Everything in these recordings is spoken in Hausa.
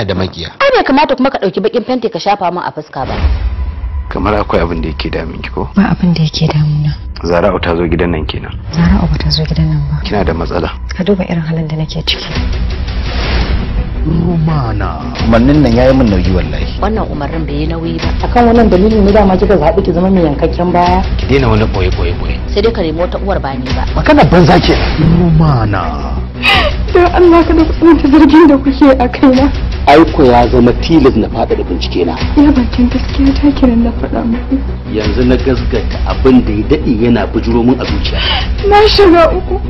yana da magiya. ai bai kamata kuma ka dauki bakin fenti ka shafa min a fuska ba kamar akwai abin da yake damun ki ko ba abin da yake damuna zara'u ta zo gidan nan kenan zara'u ba ta zo gidan nan ba kina da matsala ka duba irin halin da nake ciki rumana umarnin nan yayi min nauyi wallahi wannan umarnin bai yi nauyi ba akan wannan dalilin ne dama kika zaɓi ki zama mai yankakken baya ki daina wani boye boye boye sai dai ka nemi wata uwar ba ni ba Makana banza ke rumana don Allah ka da zargin da kuke a kaina aiko ya zama tilas na da bincike na ya bakin gaskiya ta kiran na faɗa muku yanzu na gasgata abin da ya dade yana bujuro min a zuciya na shiga uku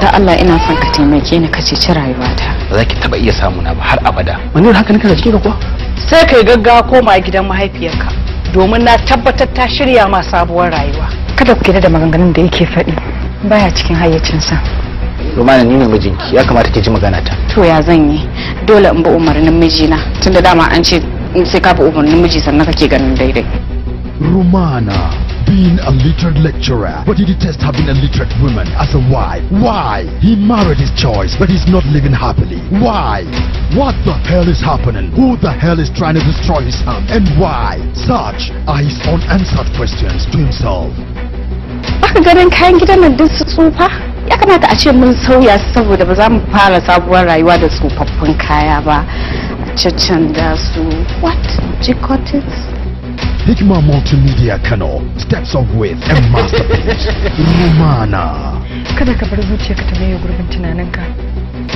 da Allah ina son ka taimake ni ka ceci rayuwata ba za ki taɓa iya samu na ba har abada manir haka kana cikin ka kuwa sai kai gaggawa koma gidan mahaifiyarka domin na tabbatar ta shirya ma sabuwar rayuwa kada ku kira da maganganun da yake faɗi baya cikin hayyacinsa rumana ni ne mijinki ya kamata ki ji magana ta to ya zan yi dole in bi umarnin mijina tunda dama an ce sai ka bi umarnin miji sannan kake ganin daidai rumana being a literate lecturer, but he detests having a literate woman as a wife. Why? He married his choice, but he's not living happily. Why? What the hell is happening? Who the hell is trying to destroy his home? And why? Such are his unanswered questions to himself. Aka ganin kayan gidan nan duk su tsufa? ya kamata a ce mun sauya su saboda ba za mu fara sabuwar rayuwa da tsofaffin kaya ba a cancan da su what jikotis hikima Multimedia Kano steps of with and masterpiece, Romana. Kada ka bar zuciya ka ta maye gurbin tunaninka.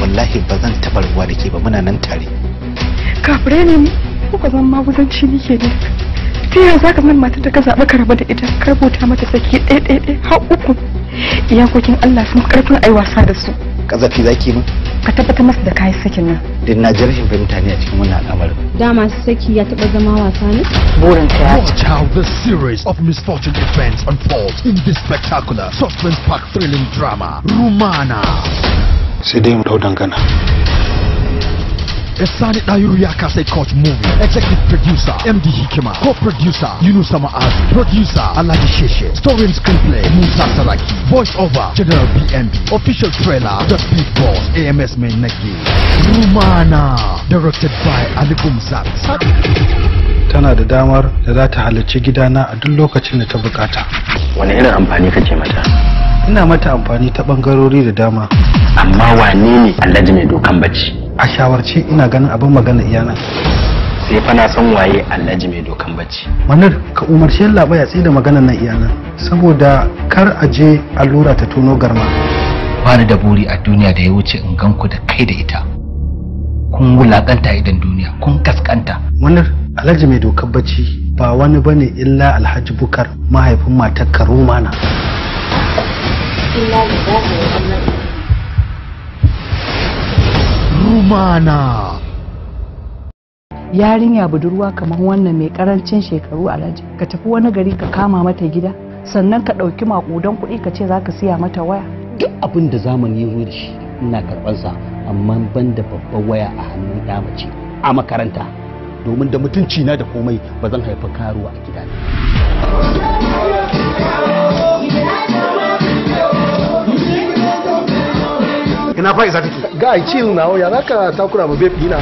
Wallahi ba zan taɓa da ke ba muna nan tare. Kafirai ne mu ba zan maguzanci nike ne. ta yaya zaka min matar da ka zaɓa ka rabu da ita ka rubuta mata saki ɗaya ɗaya ɗaya har uku iyakokin Allah sun karfin yi wasa da su kazafi ki min ka tabbatar masa da kayi sakin nan din na jarhin fahimta ne a cikin wannan al'amarin da masu saki ya taba zama wasa ne burin ka ya watch oh. how the series of misfortune events unfold in this spectacular suspense park thrilling drama rumana sai dai mu dangana Sani Dayuru Yaka said coach movie. Executive producer MD Hikima. Co-producer Yunusa Ma'azu. Producer Aladi Sheshe. Story and screenplay Musa Saraki. Voice over General BMB. Official trailer The Big Boss AMS Negi. Rumana directed by Ali Bumzak. tana da damar da za ta halarci gidana a duk lokacin da ta bukata. Wani irin amfani kake mata? Ina mata amfani ta bangarori da dama. Amma wane ne Alhaji mai dokan bacci? a shawarci ina ganin abin magana iyana sai fa na san waye alhaji mai dokan bacci manar ka umarci ba ya da maganar nan iyana saboda kar a je allura ta tono garma ba da buri a duniya da ya wuce in gan ku da kai da ita kun wulakanta idan duniya kun kaskanta manar alhaji mai dokan bacci ba wani bane illa alhaji bukar mahaifin matar karuma na. mu wannan? lumana yarinya budurwa kamar wannan mai karancin shekaru alhaji ka tafi wani gari ka kama mata gida sannan ka ɗauki makudan kuɗi ka ce za ka siya mata waya duk abin da zamani ya zo da shi ina karɓarsa amma ban da babban waya a hannun mace a makaranta domin da mutunci na da komai ba zan haifi karuwa a gida ina fa'iza take ga a chill now ya ka takura ba babe na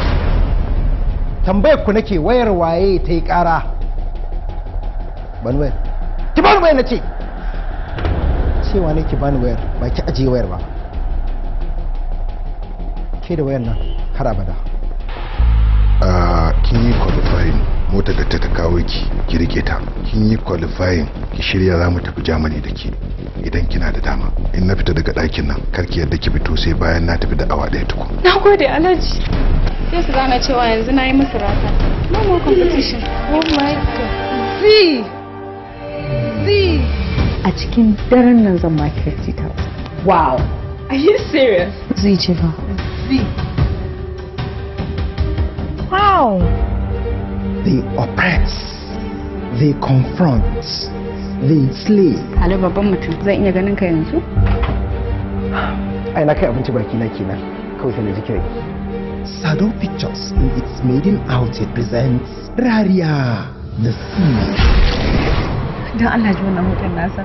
tambayar ku nake wayar waye ta yi kara ban ki bani wayar ce. cewa ne ki bani wayar ba ki ajiye wayar ba ke da wayar nan har abada ah, kin yi qualifying motar da ta kawo ki ki rike ta kin yi qualifying ki shirya za mu tafi germany da ke idan kina da dama in na fita daga ɗakin nan karki yadda ki fito sai bayan na tafi da awa ɗaya tuku na alhaji sai su gane cewa yanzu na yi musu rata no more competition oh my god z z a cikin daren nan zan ma kirki ta wow are you serious Zi ce fa z wow they oppress they confront the slave hali babban mutum zai iya ganin ka yanzu ai na kai abinci baki na kenan kawai sai na ji kirai Sado Pictures in its maiden outing presents Raria the Sea. Don Allah ji wannan hoton nasa.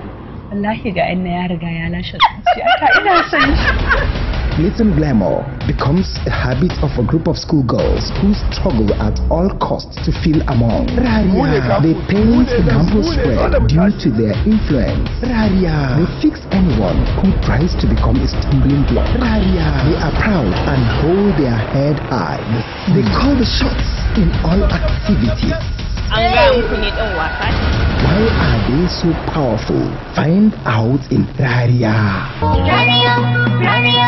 Wallahi ga na ya riga ya lashe zuciya ta ina son shi. glitz and glamour becomes a habit of a group of schoolgirls who struggle at all costs to feel among. Raria. They paint the Gambo square due to their influence. Raria. They fix anyone who tries to become a stumbling block. Raria. They are proud and hold their head high. They call the shots in all activities. an gaya muku ne ɗan wasa Why are they so powerful? Find out in Rariya. Rariya, Rariya.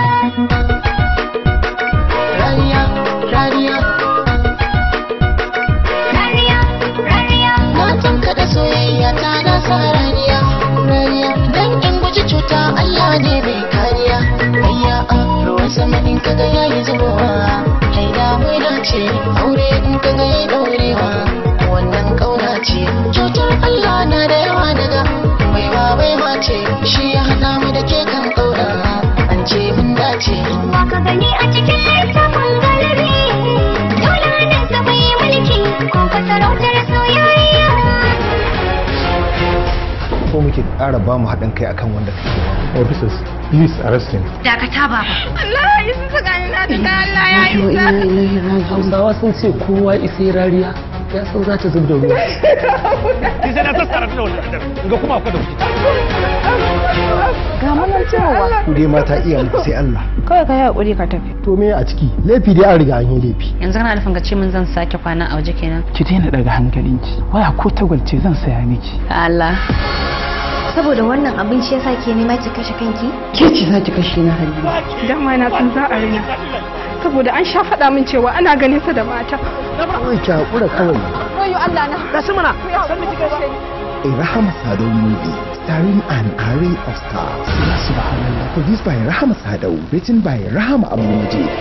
Rariya, Rariya. soyayya ta nasa Rariya, Rariya. Dan guji cuta ayya ne mai kariya. Rariya, kaga yayi zubowa. Kai da ce aure in kaga yi daurewa. ce cutar Allah na da yawa daga baiwa baiwa ce shi ya hana mu da ke kan kaura an ce mun dace wa ka gani a cikin littafin galibi dole da sabai mulki ko ka sarautar soyayya ko muke ƙara ba mu haɗin kai akan wanda kake ba officers please arrest him dakata ba Allah ya isa tsakanin na da Allah ya isa Hausawa sun ce kowa isa rariya ya san za ta zub da ruwa ki sai na tattara da wannan da ga kuma akwai da kuke ga manan cewa ku dai mata iya muku sai Allah kawai ka yi hakuri ka tafi to me a ciki laifi dai an riga an yi laifi yanzu kana nufin ka ce min zan sake kwana a waje kenan ki daina daga hankalinki waya ko tagwalce zan saya miki Allah saboda wannan abin shi yasa ke nema ki kashe kanki ke ce za ki kashe na hali dama na san za a rina saboda an sha faɗa min cewa ana ganin sa da mata kawai ki hakura kawai koyo Allah na gashi mana san miki gashi Rahama Sadau movie starring an array of stars. Subhanallah, produced by Rahama Sadau, written by Rahama Abdulmajid.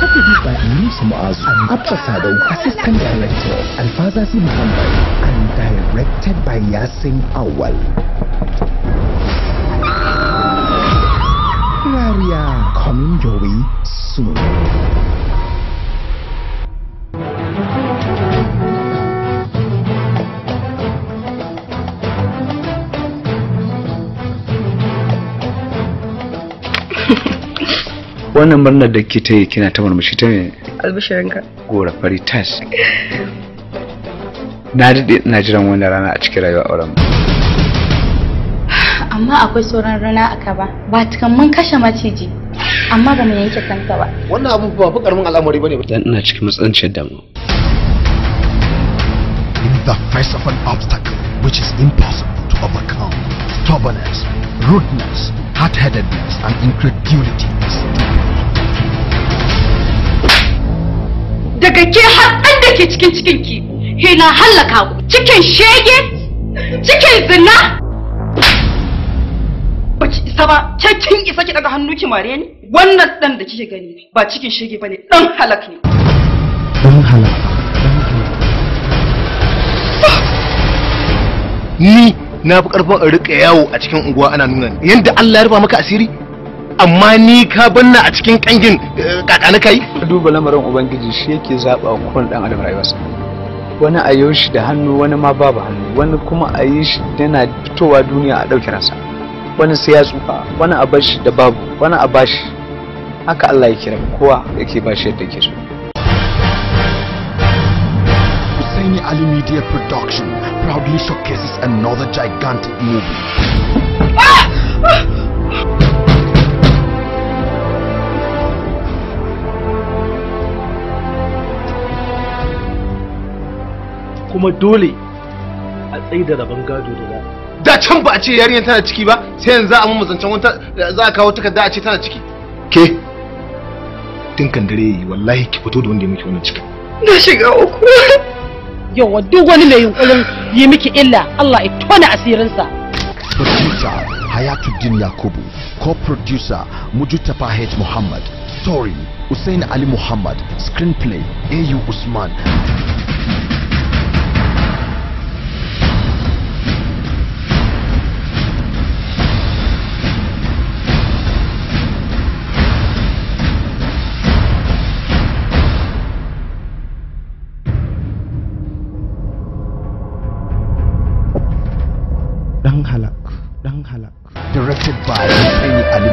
Produced by Musa Muazu and Abba Sadau, assistant director, Alfazazi Muhammad, and directed by Yasin Awal. coming your way soon. wannan murnar da ke ta yi kina ta murmushi ta ne albishirinka gora fari tas na daɗe na jiran wannan rana a cikin rayuwa auren amma akwai sauran rana a ba ba tukan mun kashe maciji amma ba mai yanke kanka ba wannan abu ba fi karamin al'amari bane dan ina cikin matsalancin damu in the face of an obstacle which is impossible to overcome stubbornness rudeness hard-headedness and incredulity daga ke har an da ke cikin cikinki hina hallaka ku cikin shege cikin zina ba ki isa ba ke kin isa ki daga hannu ki mare ni wannan dan da kike gani ba cikin shege bane dan ɗan halak ne dan halak ni na fi ƙarfin a riƙa yawo a cikin unguwa ana nuna ni yadda Allah ya rufa maka asiri amma ni ka banna a cikin kangin eh, kakana kai duba lamarin ubangiji shi yake zaba wa dan adam rayuwarsa wani a shi da hannu wani ma babu hannu wani kuma a yi shi yana fitowa duniya a ɗauki ransa wani sai ya tsufa wani a shi da babu wani a bashi haka Allah ya kira kowa yake bashi yadda ke so Hussaini Ali Media Production proudly showcases another gigantic movie. kuma dole a tsaye da rabon gado da za da can ba a ce yarinyar tana ciki ba sai yanzu za a mun zancen wata za a kawo takarda a ce tana ciki ke dinkan dare yi wallahi ki fito da wanda ya miki wannan cikin na shiga uku yawa duk wani mai yunkurin yi miki illa Allah ya tona asirinsa producer Hayatuddin Yakubu co-producer Mujutafa H Muhammad story Hussein Ali Muhammad screenplay AU Usman directed by Hussein Ali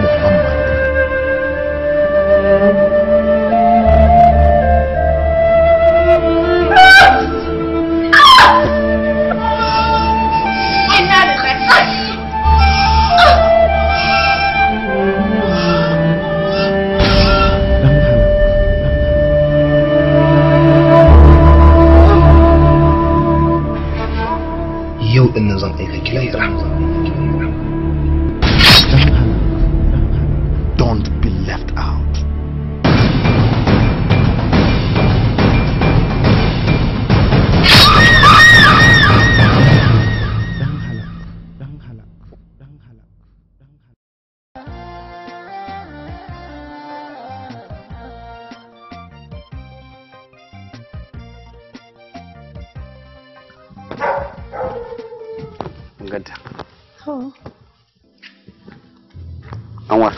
anwar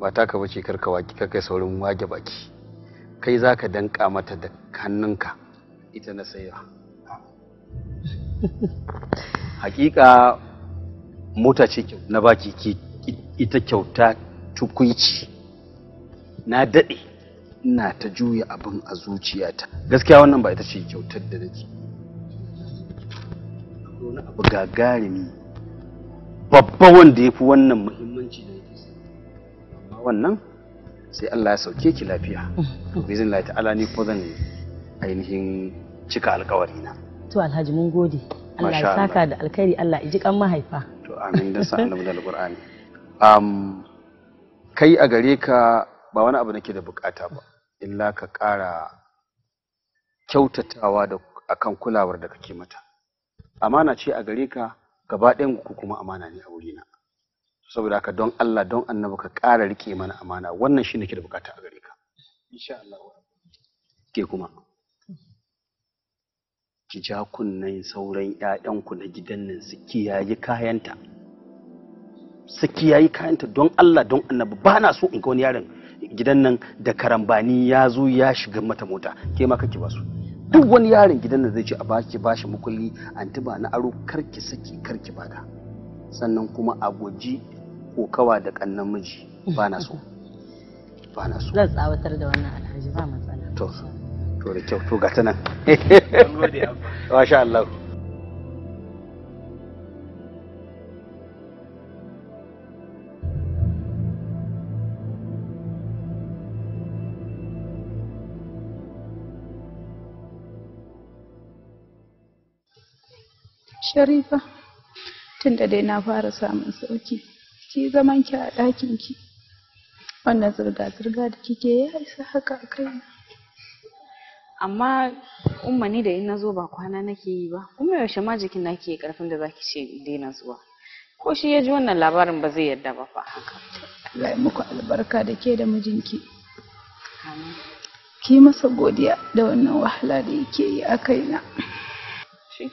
ba taka bace karka waki kai saurin wage baki kai zaka danka mata da hannunka ita na sayewa hakika mota ce na baki ki ita kyauta tukuici na daɗe ina ta juya abin a zuciyata gaskiya wannan ba ita ce kyautar da nake wani abu gagarumi babba wanda ya fi wannan muhimmanci da yake amma wannan sai Allah ya sauke ki lafiya to bizin Allah ta'ala ni ko zan ainihin cika alkawari na to alhaji mun gode Allah ya saka da alkhairi Allah ya ji kan mahaifa to amin da sa annabi da alqur'ani um kai a gare ka ba wani abu nake da bukata ba illa ka ƙara kyautatawa da akan kulawar da kake mata amana ce a gare ka gaba ɗayan ku kuma amana ne a wuri na saboda haka don Allah don annabi ka ƙara rike mana amana wannan shine ke da bukata a gare ka insha Allah ke kuma ki ja kunnen sauran ku na gidan nan su kiyaye kayanta su kiyaye kayanta don Allah don annabi ba na so in ga wani yaron gidan nan da karambani ya zo ya shiga mata mota ke ma kake ba su duk wani yaron gidan da zai ce a baki bashi mukulli antiba na aro karki saki karki bada sannan kuma a guji kokawa da kannan miji ba na so ba na so zan tsawatar da wannan alhaji ba matsala to to da kyau to ga ta nan masha Allah Sharifa, tunda dai na fara samun sauki, ki zaman ki a ɗakin ki. Wannan zirga-zirga da kike ya isa haka a kaina. Amma umma da in na zo ba kwana nake yi ba, kuma yaushe ma jikin nake ke ƙarfin da zaki ce daina zuwa. Ko shi ya ji wannan labarin ba zai yarda ba fa haka. Allah ya muku albarka da ke da mijinki. Ki masa godiya da wannan wahala da yake yi a kaina.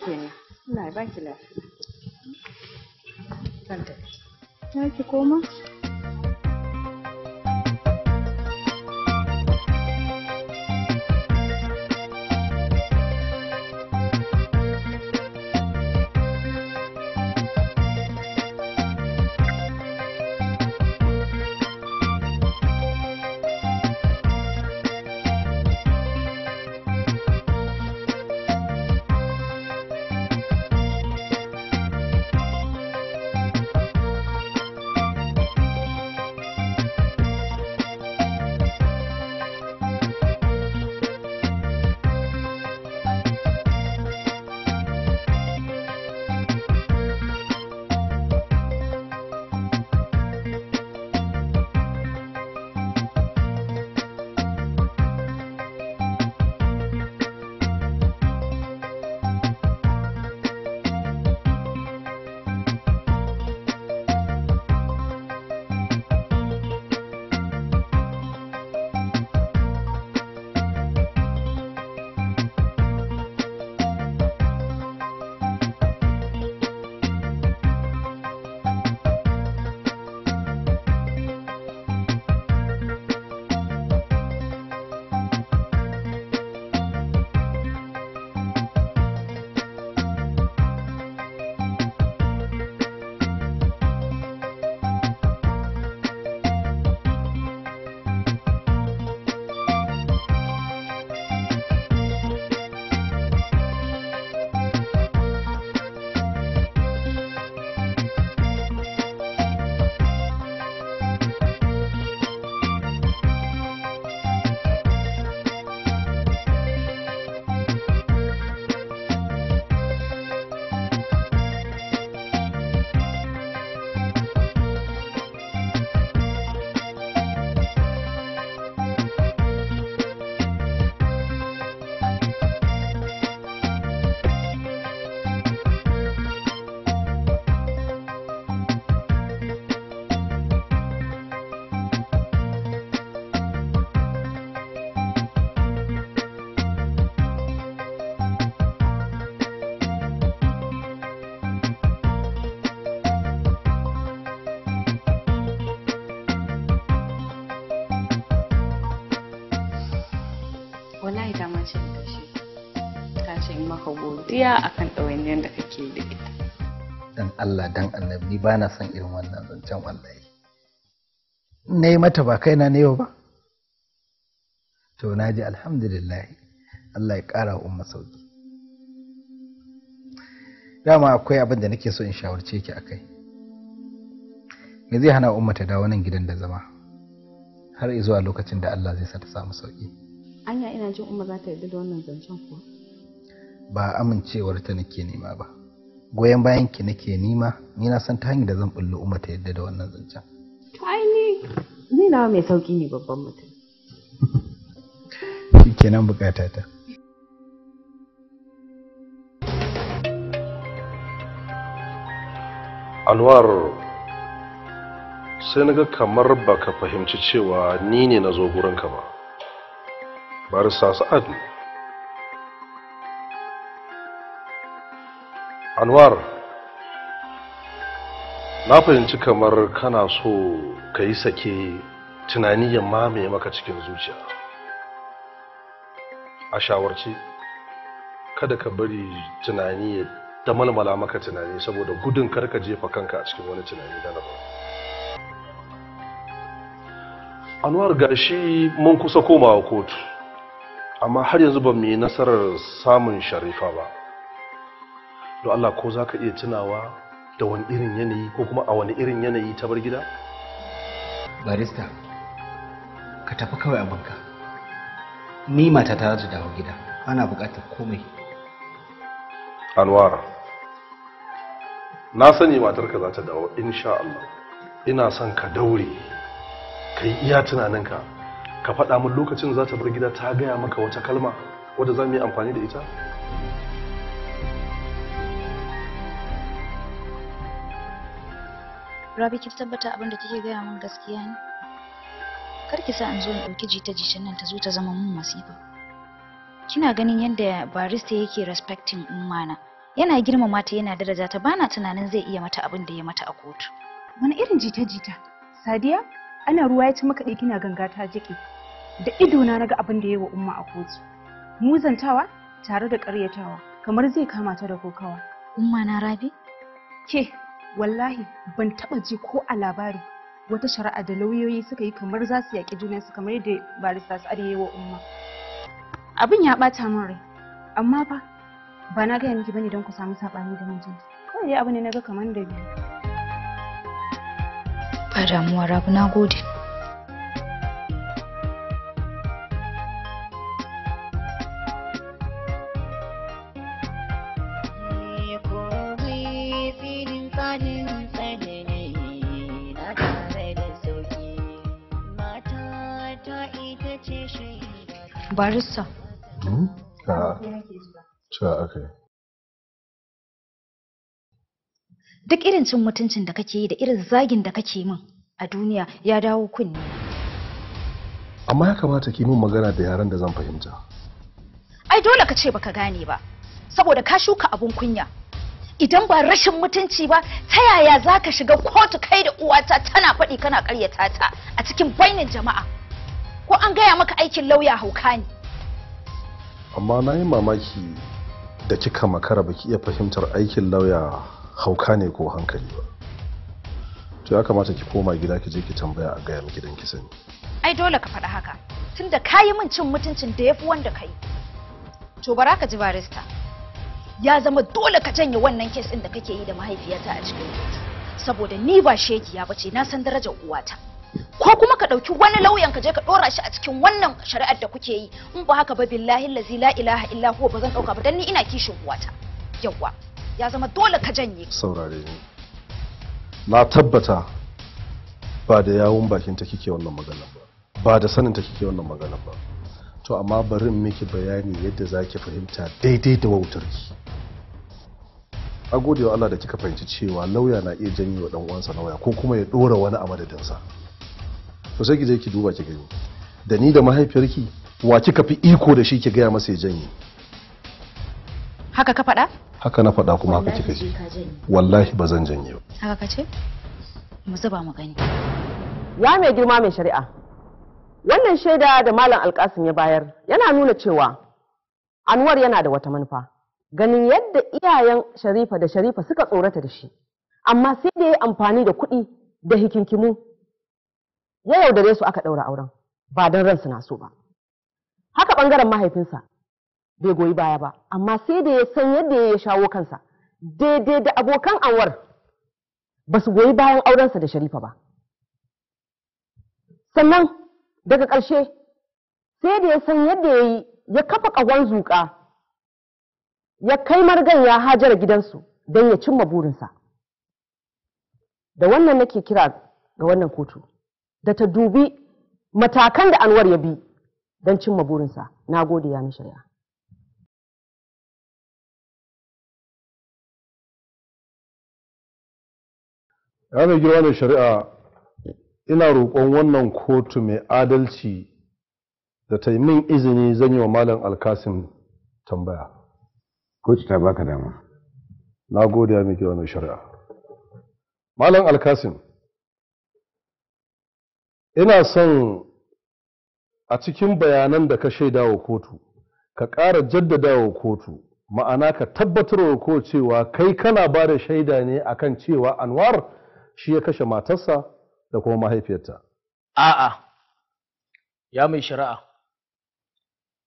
kenan. Allah ya baki lafiya. Zan tafi. ki koma? Allah dan annabi ni ba na son irin wannan zancen wallahi na yi mata ba na ne yau ba to na ji alhamdulillah Allah ya ƙara wa umma sauki dama akwai abin da nake so in shawarce ki akai me zai hana umma ta dawo nan gidan da zama har zuwa lokacin da Allah zai sa ta samu sauki anya ina jin umma za ta yarda da wannan zancen kuwa ba amincewar ta nake nema ba goyon bayan ki nake nima ni na san ta hanyar da zan bullo umma ta yadda da wannan zancen to ai ni ni na mai sauki ne babban mutum kenan bukata ta Anwar sai na ga kamar baka fahimci cewa ni ne na zo gurinka ba. bari Sa'ad ne. anwar na fahimci kamar kana so ka yi sake tunani ya mamaye maka cikin zuciya a shawarci kada ka bari tunani ya ta malmala maka tunani saboda gudun karka jefa kanka a cikin wani tunani da na anwar gashi mun kusa komawa kotu amma har yanzu ba mu yi nasarar samun sharifa ba don Allah ko za ka iya tunawa da wani irin yanayi ko kuma a wani irin yanayi ta bar gida? barista ka tafi kawai abinka ni mata ta zata dawo gida ana buƙatar komai alwara na sani matarka za ta dawo insha Allah ina son ka daure ka yi iya tunaninka ka faɗa min lokacin za ta bar gida ta gaya maka wata kalma wadda za mu yi amfani da ita Rabi kin tabbata abin da kike gaya min gaskiya ne? Kar ki sa in zo in ɗauki jita-jitan nan ta zo ta zama mun masifa. Kina ganin yadda barista yake respecting ummana. Yana girmama ta yana daraja ta bana tunanin zai iya mata abin da ya mata a kotu. Wani irin jita-jita? Sadiya, ana ruwa ya ci maka ɗai kina ganga ta jiki. Da ido na ga abin da ya yi wa umma a kotu. Muzantawa tare da ƙaryatawa kamar zai kama ta da kokawa. Umma na Rabi? Ke, wallahi ban taba ji ko a labari wata shari'a da lauyoyi suka yi kamar za su yaƙi juna su, kamar yadda barista su arewa umma abin ya ɓata min rai amma fa ba na gaya miki bane don ku samu saɓani da mijin kawai dai abu ne na ga kamar da biyu ba damuwa rabu na gode barista hmm? ah. duk irin cin mutuncin da kake yi da irin zagin da kake min a duniya ya dawo kunne amma ya kamata ki min magana da yaran da zan fahimta ai dole ka ce baka gane ba saboda ka shuka abun kunya idan ba rashin mutunci ba ta yaya za ka shiga kotu kai da uwata tana faɗi kana ƙaryata ta a cikin bainin jama'a ko an gaya maka aikin lauya hauka ne amma na yi mamaki da kika makara baki iya fahimtar aikin lauya hauka ne ko hankali ba to ya kamata ki koma gida ki je ki tambaya a gaya gidan ki sani ai dole ka faɗa haka tunda ka yi min cin mutuncin da ya fi wanda kayi to bara ka ji barista ya zama dole ka janye wannan kes ɗin da kake yi da mahaifiyata a cikin saboda ni ba shegiya ba ce na san darajar uwata ko kuma ka ɗauki wani lauyan ka je ka dora shi a cikin wannan shari'ar da kuke yi in ba haka ba billahi lazi la ilaha illa huwa ba zan ɗauka ba dan ni ina kishin uwata Yawa ya zama dole ka janye saurare ni na tabbata ba da yawun bakin ta kike wannan magana ba ba da sanin ta kike wannan magana ba to amma bari miki bayani yadda zaki fahimta daidai da wautarki a gode wa Allah da kika fahimci cewa lauya na iya janyewa dan uwansa na waya ko kuma ya dora wani a madadinsa to sai ki je ki duba ki gani da ni da mahaifiyarki wa kika fi iko da shi ki gaya masa ya janye haka ka faɗa haka na faɗa kuma haka kika ji wallahi ba zan janye ba haka ka ce mu zuba mu gani ya mai girma mai shari'a wannan shaida da malam alkasim ya bayar yana nuna cewa anwar yana da wata manufa ganin yadda iyayen sharifa da sharifa suka tsorata da shi amma sai da ya amfani da kuɗi da hikinkimu ya yaudare su aka ɗaura auren ba don ransu na so ba haka ɓangaren mahaifinsa bai goyi baya ba amma sai da ya san yadda ya shawo kansa daidai da abokan anwar ba su goyi bayan aurensa da sharifa ba sannan daga ƙarshe sai da ya san yadda ya yi ya kafa ƙawan zuƙa ya kai margan ya hajara gidansu don ya cimma burinsa da wannan nake kira ga wannan kotu da ta dubi matakan da anwar ya bi don cimma burinsa na gode ya shari'a ya mai girma mai shari'a ina roƙon wannan kotu mai adalci da ta yi min izini zan yi wa malam alkasim tambaya kotu ta baka dama na gode ya mai girma mai shari'a malam alkasim ina son a cikin bayanan da ka shaida wa kotu ka ƙara jaddada wa kotu ma'ana ka tabbatar wa ko cewa kai kana ba da shaida ne akan cewa anwar shi ya kashe matarsa da kuma mahaifiyarta a'a ya mai shari'a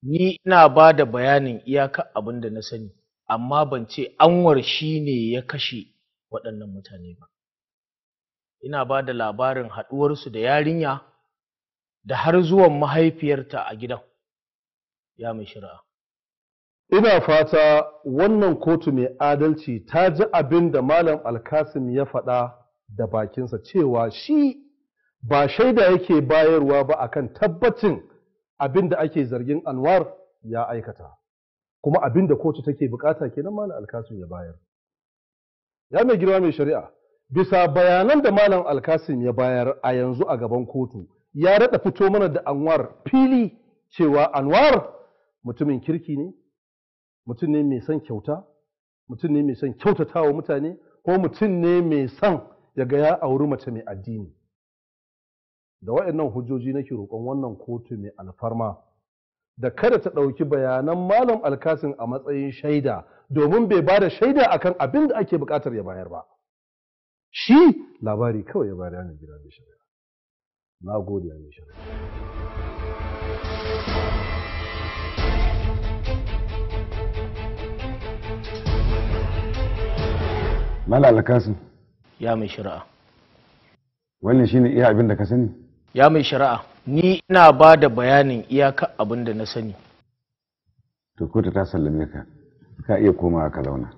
ni ina ba da bayanin iyaka abin da na sani amma ban ce anwar shi ne ya kashe waɗannan mutane ba ina ba da labarin haɗuwarsu da yarinya da har zuwan mahaifiyarta a gidan ya mai shari'a ina fata wannan kotu mai adalci ta ji abin da malam alkasim ya faɗa da bakinsa cewa shi ba shaida yake bayarwa ba akan tabbacin abin da ake zargin anwar ya aikata kuma abin da kotu take bukata kenan malam alkasim ya bayar ya mai girma mai shari'a bisa bayanan da malam alkasim ya bayar a yanzu a gaban kotu ya daɗa fito mana da anwar fili cewa anwar mutumin kirki ne mutum ne mai son kyauta mutum ne mai son wa mutane ko mutum ne mai son ya ga ya auri mace mai addini da waɗannan hujjoji nake roƙon wannan kotu mai alfarma da kada ta ɗauki bayanan malam alkasin a matsayin shaida domin bai ba da shaida akan abin da ake buƙatar ya bayar ba shi labari kawai ya bada yanar gida mai shari'a na gode ya mai shari'a Mala alakasin. Ya mai shari'a. Wannan shine iya abin da ka sani? Ya mai shari'a, ni ina ba da bayanin iyaka abin da na sani. To kotu ta sallame ka, ka iya komawa ka launa.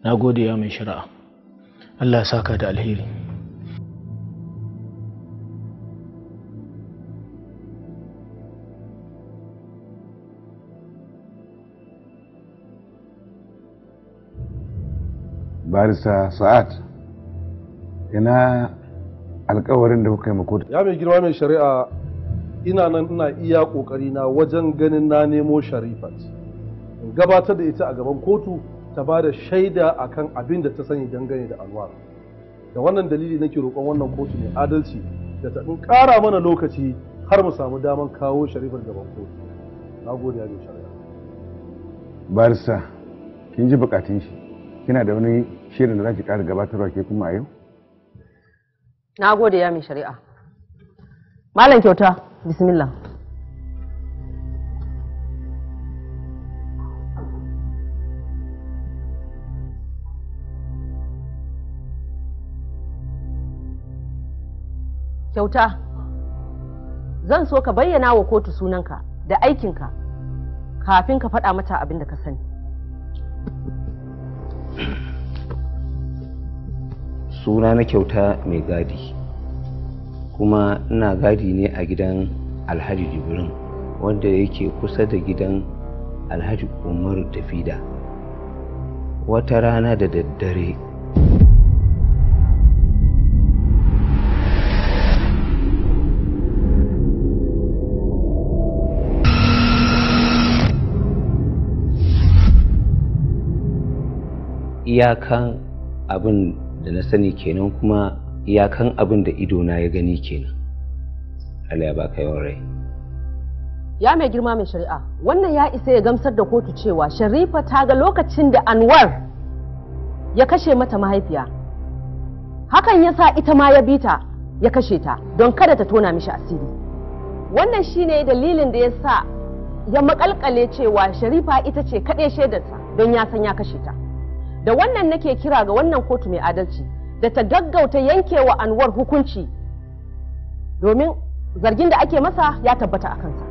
Na gode ya mai shari'a. Allah ya saka da alheri barisa sa'ad ina alkawarin da kuka yi ya mai girma mai shari'a ina nan ina iya na wajen ganin na nemo sharifat gabatar da ita a gaban kotu ta ba da shaida a kan abin da ta sani dangane da anwar da wannan dalili nake roƙon wannan kotu mai adalci da ta in ƙara mana lokaci har mu samu daman kawo sharifar gaban kotu na gode mai shari'a Barisa, kin ji buƙatun shi kina da wani shirin da ki ƙara gabatarwa ke kuma a yau na gode ya mai shari'a malam kyauta bismillah kyauta zan so ka bayyana wa kotu sunanka da aikinka kafin ka faɗa mata abin da ka sani suna na kyauta mai gadi kuma ina gadi ne a gidan alhaji jibrin wanda yake kusa da gidan alhaji umaru tafida wata rana da daddare iyakan abin da na sani kenan kuma iyakan abin da idona ya gani kenan Allah ya baka yawan rai ya mai girma mai shari'a wannan ya isa ya gamsar da kotu cewa sharifa ta ga lokacin da anwar ya kashe mata mahaifiya hakan ya sa ita ma ya bita ya kashe ta don kada ta tona mishi asiri wannan shine dalilin da ya sa ya makalkale cewa sharifa ita ce kaɗai shaidarsa don ya san ya kashe ta da wannan nake kira ga wannan kotu mai adalci da ta gaggauta yankewa anwar hukunci domin zargin da ake masa ya tabbata a kansa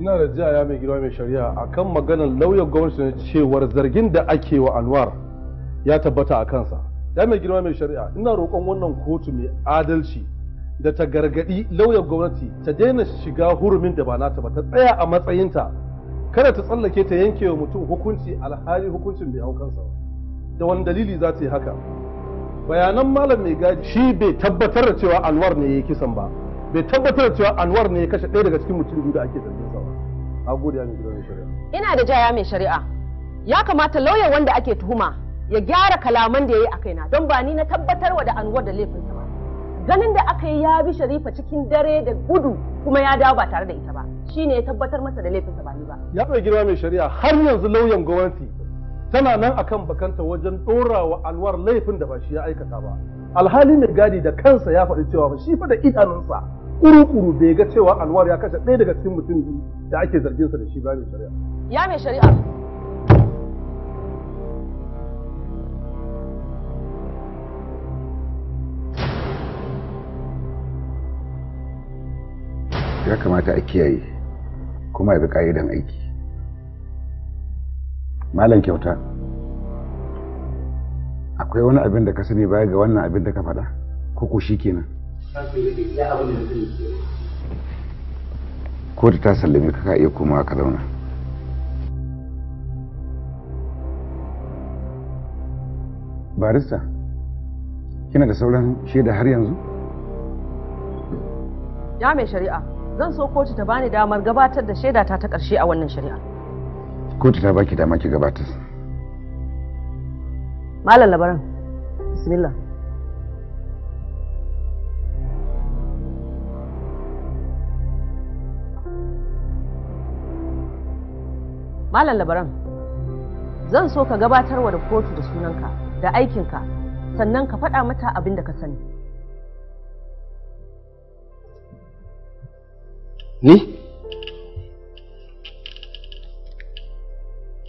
ina da jiya mai girma mai shari'a akan maganar lauya gwamnati na cewar zargin da ake wa anwar ya tabbata a kansa ya mai girma mai shari'a ina roƙon wannan kotu mai adalci da ta gargaɗi lauyar gwamnati ta daina shiga hurumin da ba nata ba ta tsaya a matsayinta kada ta tsallake ta yanke wa mutum hukunci alhali hukuncin bai hau kansa ba da wani dalili za ta yi haka bayanan malam mai gadi shi bai tabbatar da cewa anwar ne ya yi kisan ba bai tabbatar da cewa anwar ne ya kashe ɗaya daga cikin mutum biyu da ake zargin sa ba a gode mai gidan shari'a ina da jaya mai shari'a ya kamata lauyan wanda ake tuhuma ya gyara kalaman da ya yi a kaina don ba ni na tabbatarwa da anwar da laifin ba ganin da aka yi ya bi sharifa cikin dare da gudu kuma ya dawo ba tare da ita ba shine ya tabbatar masa da laifin ba ni ba ya ɗauki girma mai shari'a har yanzu lauyan gwamnati tana nan akan bakanta wajen ɗora wa alwar laifin da ba shi ya aikata ba alhali mai gadi da kansa ya faɗi cewa shi fa da idanunsa kuru-kuru bai ga cewa Alwar ya kashe ɗaya daga cikin mutum biyu da ake zargin sa da shi ba mai shari'a ya mai shari'a ya kamata a kiyaye kuma ya bi ka'idan aiki malam kyauta akwai wani abin da ka sani baya ga wannan abin da ka faɗa ko ko shi kenan ko da ta sallame ka iya kuma ka zauna barista kina da sauran shaida har yanzu ya mai shari'a zan so kotu ta bani damar gabatar da shaidata ta ƙarshe a wannan shari'a kotu ta baki dama ki gabatar malam labaran bismillah malam labaran zan so ka gabatarwa da kotu da sunanka da aikinka sannan ka faɗa mata abin da ka sani ni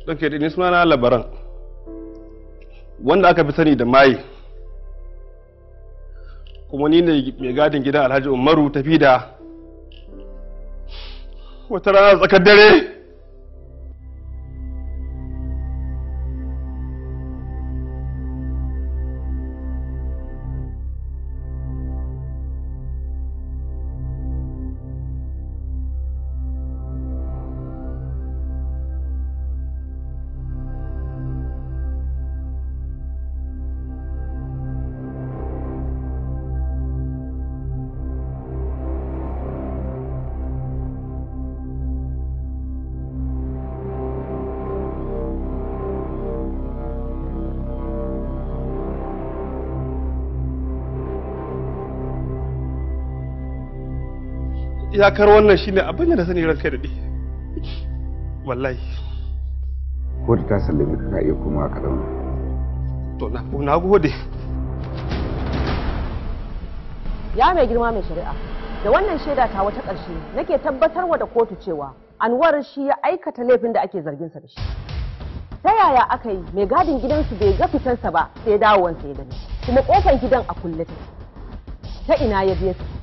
ɗauke da nisma na labaran wanda aka fi sani da maye kuma ni ne mai gadin gidan alhaji umaru tafi da wata rana tsakar dare iyakar wannan shine abin da sani da daɗe wallahi ko ta sallame ka iya kuma ka zauna to na na gode ya mai girma mai shari'a da wannan shaida ta wata ƙarshe nake tabbatarwa da kotu cewa anwar shi ya aikata laifin da ake zargin sa da shi ta yaya aka yi mai gadin gidansu bai ga fitarsa ba sai dawowansa ya gani kuma kofar gidan a kulle ta ina ya biya su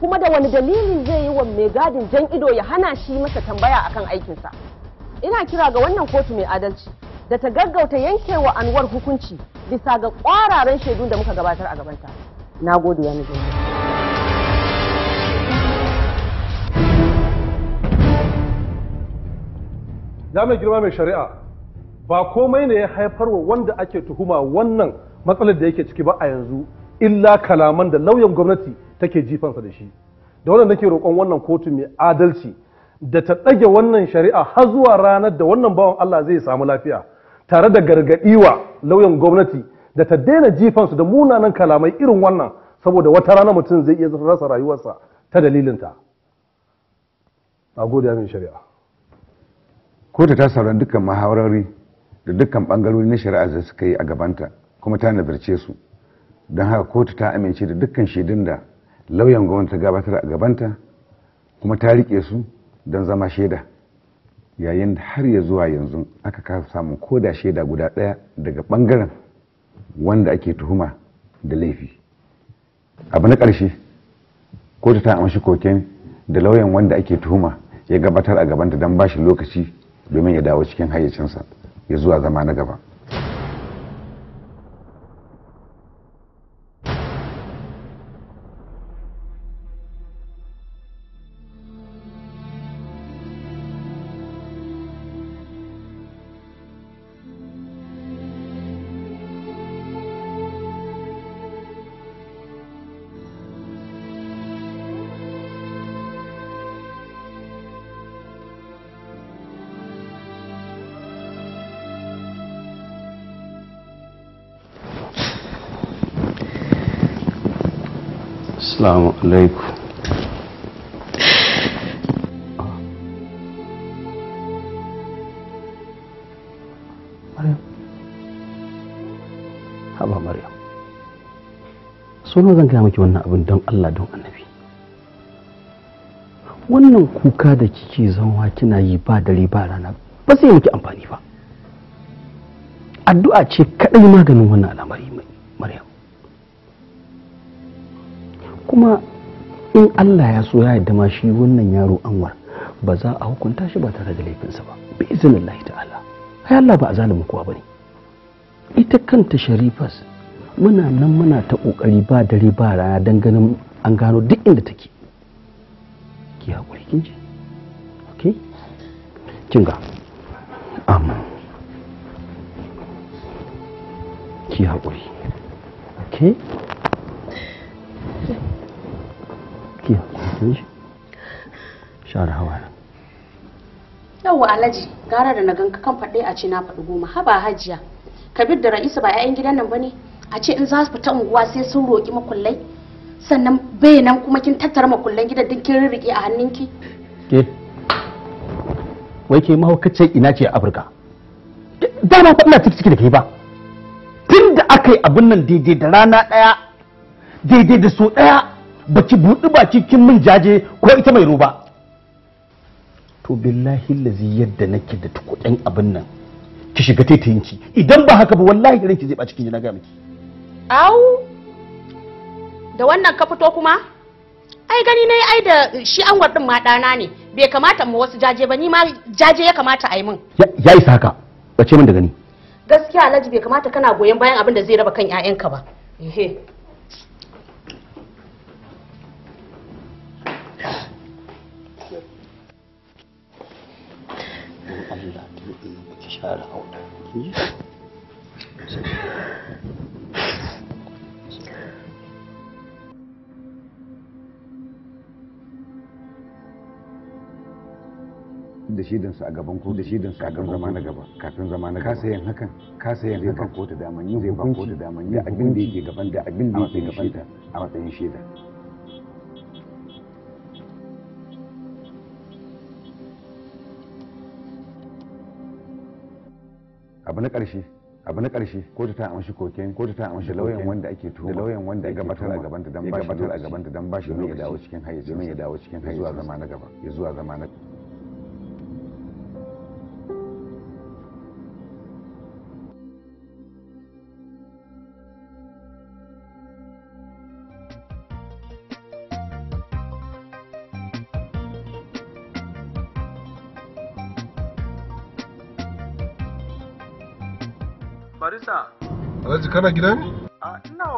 kuma da wani dalili zai yi wa mai gadin jan ido ya hana shi masa tambaya akan aikinsa ina kira ga wannan kotu mai adalci da ta gaggauta yankewa anwar hukunci bisa ga kwararen shaidun da muka gabatar a gabanta na gode ya ya mai girma mai shari'a ba komai ne ya haifar wa wanda ake tuhuma wannan matsalar da yake ciki ba a yanzu illa kalaman da lauyan gwamnati take jifansa da shi da wannan nake roƙon wannan kotu mai adalci da ta ɗage wannan shari'a har zuwa ranar da wannan bawan Allah zai samu lafiya tare da gargaɗi wa lauyan gwamnati da ta daina jifansu da munanan kalamai irin wannan saboda wata rana mutum zai iya rasa rayuwarsa ta dalilinta a gode min shari'a kotu ta sauran dukkan mahawarori da dukkan bangarori na shari'a da suka yi a gabanta kuma ta nazarce su don haka kotu ta amince da dukkan shaidun da lauyan gwamnati ta gabatar a gabanta kuma ta rike su don zama shaida yayin da har ya zuwa yanzu aka kasa samun koda shaida guda ɗaya daga ɓangaren wanda ake tuhuma da laifi abu na ƙarshe kotu ta amshi koken da lauyan wanda ake tuhuma ya gabatar a gabanta don ba shi lokaci domin ya dawo cikin hayyacinsa ya zuwa zama na gaba Assalamu alaikum. Maryam. Haba Maryam. So zan gaya miki wannan abin don Allah don Annabi. Wannan kuka da kike zama kina yi ba dare ba rana ba sai miki amfani ba. Addu'a ce kaɗai maganin wannan al'amari. kuma in Allah ya so ya yarda ma shi wannan yaro anwar ba za a hukunta shi ba tare da laifinsa ba bi iznillahi ta'ala ai Allah ba a zalimin kowa bane ita kanta sharifas muna nan muna ta kokari ba dare ba rana dan ganin an gano duk inda take ki hakuri kin ji okay kin ga am ki hakuri okay kin ji share hawa na yawwa alhaji gara da na ganka kan faɗe a ce na faɗi goma haba hajiya kabir da ra'isu ba 'ya'yan gidan nan ba ne, a ce in za su fita unguwa sai sun roƙi makullai sannan bai nan kuma kin tattara makullan gidan din kin rirriƙe a hannunki ke wai ke mahaukacin ina ce a afirka da ba faɗi na ciki da kai ba tun da aka yi abin nan daidai da rana ɗaya daidai da so ɗaya baki buɗi baki kin min jaje ko ita mai ruba to billahi lazi yadda nake da tukuɗen abin nan ki shiga taitayinki idan ba haka ba wallahi ki zai ɓaci kin na ga miki au da wannan ka fito kuma ai gani na ai da shi anwar din ma ɗana ne bai kamata mu wasu jaje ba ni ma jaje ya kamata a yi min ya isa haka bace min da gani gaskiya alhaji bai kamata kana goyon bayan abin da zai raba kan 'ya'yanka ba Allah ta annabi ki share hauna da shidansa a gaban kotu da shidansa a gaban zama na gaba kafin zama na gaba kasayen hakan kasayen zai ba kotu daman yin zai ba kotu daman yin abin da yake gaban da abin da yake gaban a matsayin shaida abu na karshe abu na karshe ko ta ta amshi koken ko ta ta amshi lauyan wanda ake tuhuma da lauyan wanda ake gabatar a gaban ta dan ba shi a gaban ta dan bashi ne ya dawo cikin hayyaci ne ya dawo cikin hayyaci zuwa zama na gaba ya zuwa zama na gaba kana gida ne? A ina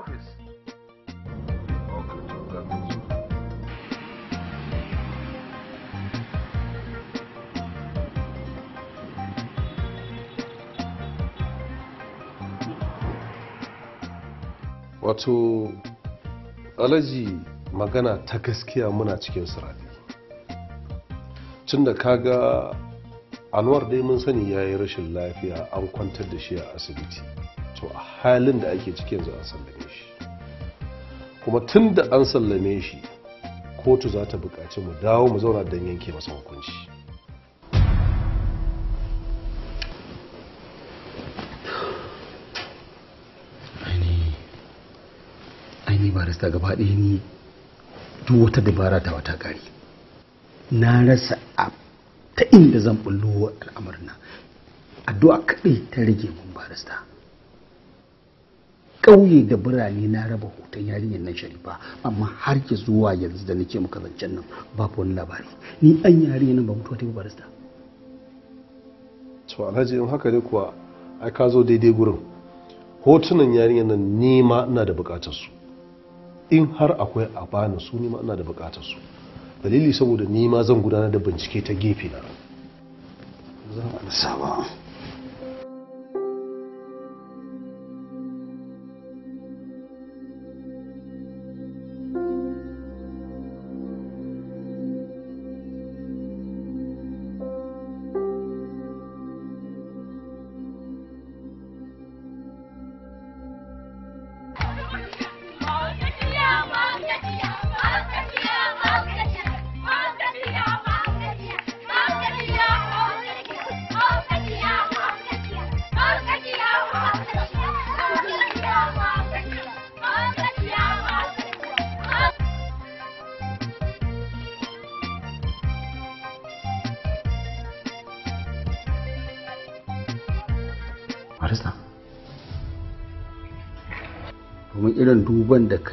Wato, alaji magana ta gaskiya muna cikin sirari. Tunda ga Anwar dai mun sani ya yi rashin lafiya an kwantar da shi a asibiti. to a halin da ake cikin yanzu an sallame shi kuma tun da an sallame shi kotu za ta buƙaci mu dawo mu zauna don yanke masa hukunci aini barista gaba ɗaya ni duk wata dabara ta wata gari na rasa a ta inda zan bullo al'amarna addu'a kaɗai ta rage mun barista ƙauye da birane na raba hoton yarinyar nan sharifa amma har ki zuwa yanzu da nake muka zancen nan babu wani labari ni an yarinyar nan ba mutuwa ta yi barista to alhaji in haka ne kuwa ai ka zo daidai gurin hotunan yarinyar nan ni ma ina da buƙatar su in har akwai a bani su ni ma ina da bukatar su dalili saboda ni ma zan gudanar da bincike ta gefe na zan ba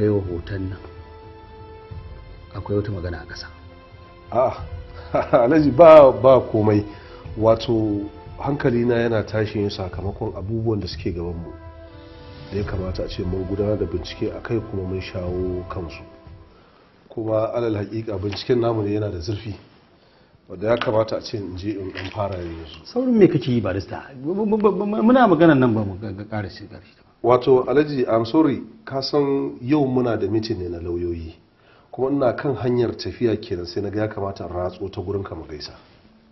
kai wa hoton nan akwai wata magana a ƙasa ah alhaji ba ba komai wato hankali na yana tashi sakamakon abubuwan da suke gabanmu da ya kamata a ce mun gudanar da bincike a kai kuma mun shawo kansu kuma alal hakika binciken namu ne yana da zurfi wadda ya kamata a ce in je in an fara yanzu saurin me kake yi barista muna maganar nan ba mu ga ƙara shi ba wato alhaji sorry ka san yau muna da mitin ne na lauyoyi kuma ina kan hanyar tafiya kenan sai na ga ya kamata ratso ta gurin kama gaisa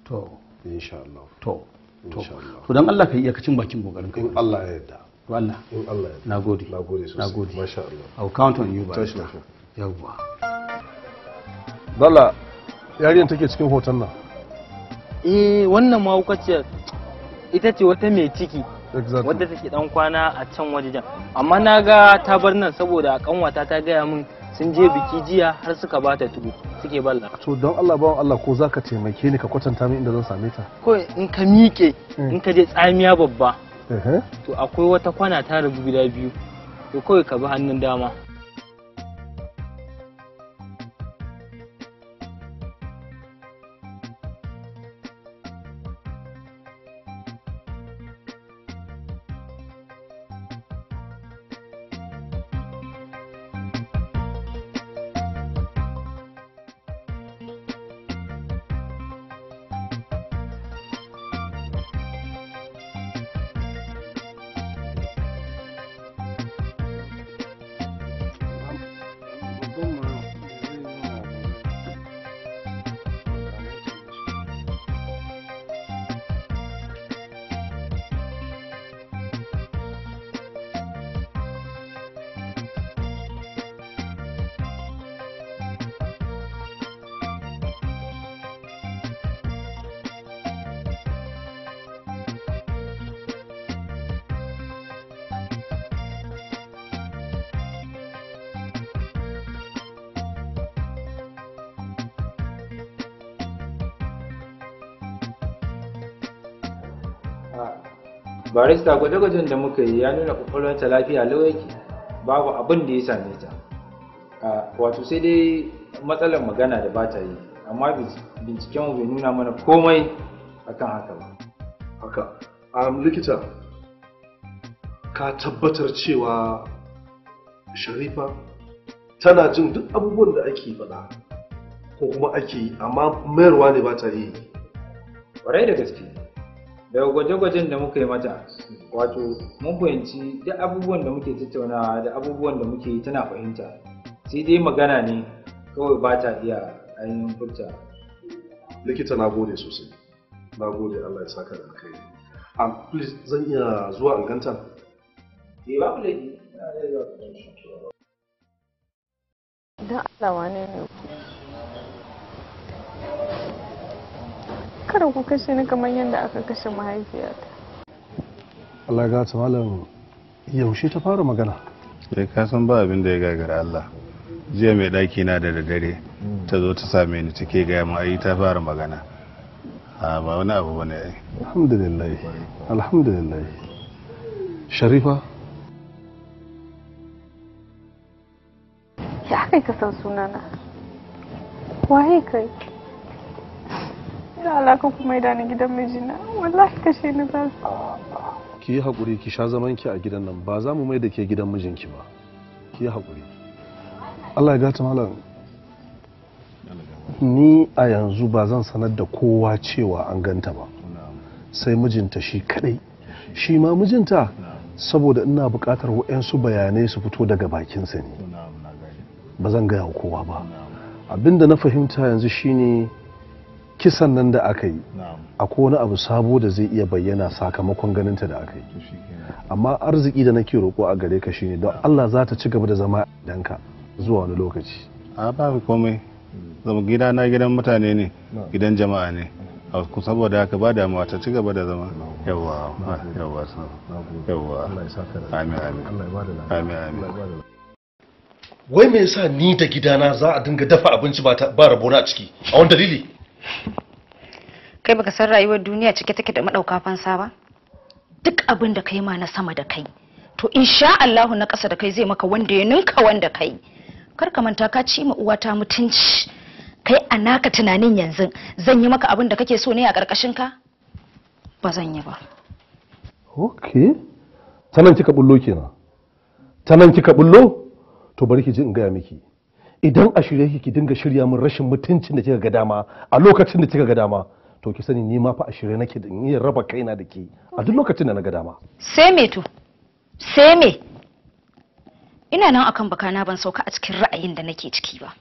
to insha Allah to to to dan Allah ka yi iyakacin bakin kokarin kai in Allah ya yarda to Allah in Allah ya yarda nagode nagode sosai nagode masha Allah I'll count on you ba yawwa dala yarin take cikin hoton nan eh wannan ma ita ce wata mai ciki wadda take dan kwana a can wajen amma na ga ta bar nan saboda kanwata ta gaya min sun je biki jiya har suka ba ta tubu suke balla to don Allah bawan Allah ko zaka taimake ni ka kwatanta min inda zan same ta ko in ka miƙe eh. in ka je tsamiya babba eh, eh. to akwai wata kwana ta rubu gida biyu to kawai ka bi hannun dama barista gwaje-gwajen da muka yi ya nuna kwakwalwarta lafiya lau yake babu abin da ya same ta wato sai dai matsalar magana da ba ta yi amma binciken bai nuna mana komai akan haka ba haka um, likita ka tabbatar cewa sharifa tana jin duk abubuwan da ake faɗa ko kuma ake amma mayarwa ne ba ta yi ƙwarai da gaske daga gwaje-gwajen da muka yi mata wato mun fahimci duk abubuwan da muke tattaunawa da abubuwan da muke yi tana fahimta sai dai magana ne kawai ba ta iya ainihin furta likita na gode sosai na gode allah ya saka da kai. A ah, please zan iya zuwa an ganta eh ba ku laifi don allah wane ne kada ku kashe ni kamar yadda aka kashe mahaifiyata Allah ga ta malam yaushe ta fara magana sai eh, ka san ba abin da ya gagara Allah jiya mai ɗaki na da daddare ta zo ta same ni take gaya mu ai ta fara magana a ba wani abu bane ai alhamdulillah alhamdulillah sharifa ya kai ka san sunana waye kai da alaka kuma idan ni gidan mijina wallahi kashe ni za ki hakuri ki sha zaman ki a gidan nan ba za mu mai da ke gidan mijinki ba ki hakuri. Allah ya gata malam ni a yanzu ba zan sanar da kowa cewa an ganta ba sai mijinta shi kadai shi ma mijinta saboda ina buƙatar waɗansu bayanai su fito daga bakinsa ne ba zan gaya kowa ba abinda na fahimta yanzu shine kisan nan da aka yi akwai wani abu sabo da zai iya bayyana sakamakon ganinta da aka yi amma arziki da nake roƙo a gare ka shine don allah za ta ci gaba da zama danka zuwa wani lokaci a ba komai zama gida na gidan mutane ne gidan jama'a ne saboda haka ba damuwa ta ci gaba da zama yawa yawa yawa amin amin amin wai me yasa ni da gidana za a dinga dafa abinci ba rabona a ciki a wani dalili kai baka san rayuwar duniya cike take da madauka fansa ba duk abin da kai ma na sama da kai to insha Allahu na ƙasa da kai zai maka wanda ya ninka wanda kai kar ka manta ka ci ma uwata mutunci kai a naka tunanin yanzu zan yi maka abin da kake so ne a ƙarƙashin ka ba zan yi ba okay ta kika bullo kenan bullo to bari ki ji in gaya miki idan a shirye ki dinga shirya min rashin mutuncin da kika ga dama a lokacin da kika ga dama to ki sani ni ma fa a shirye nake da in raba kaina da ke a duk lokacin da na ga dama sai me to sai me ina nan akan bakana ban sauka a cikin ra'ayin da nake ciki ba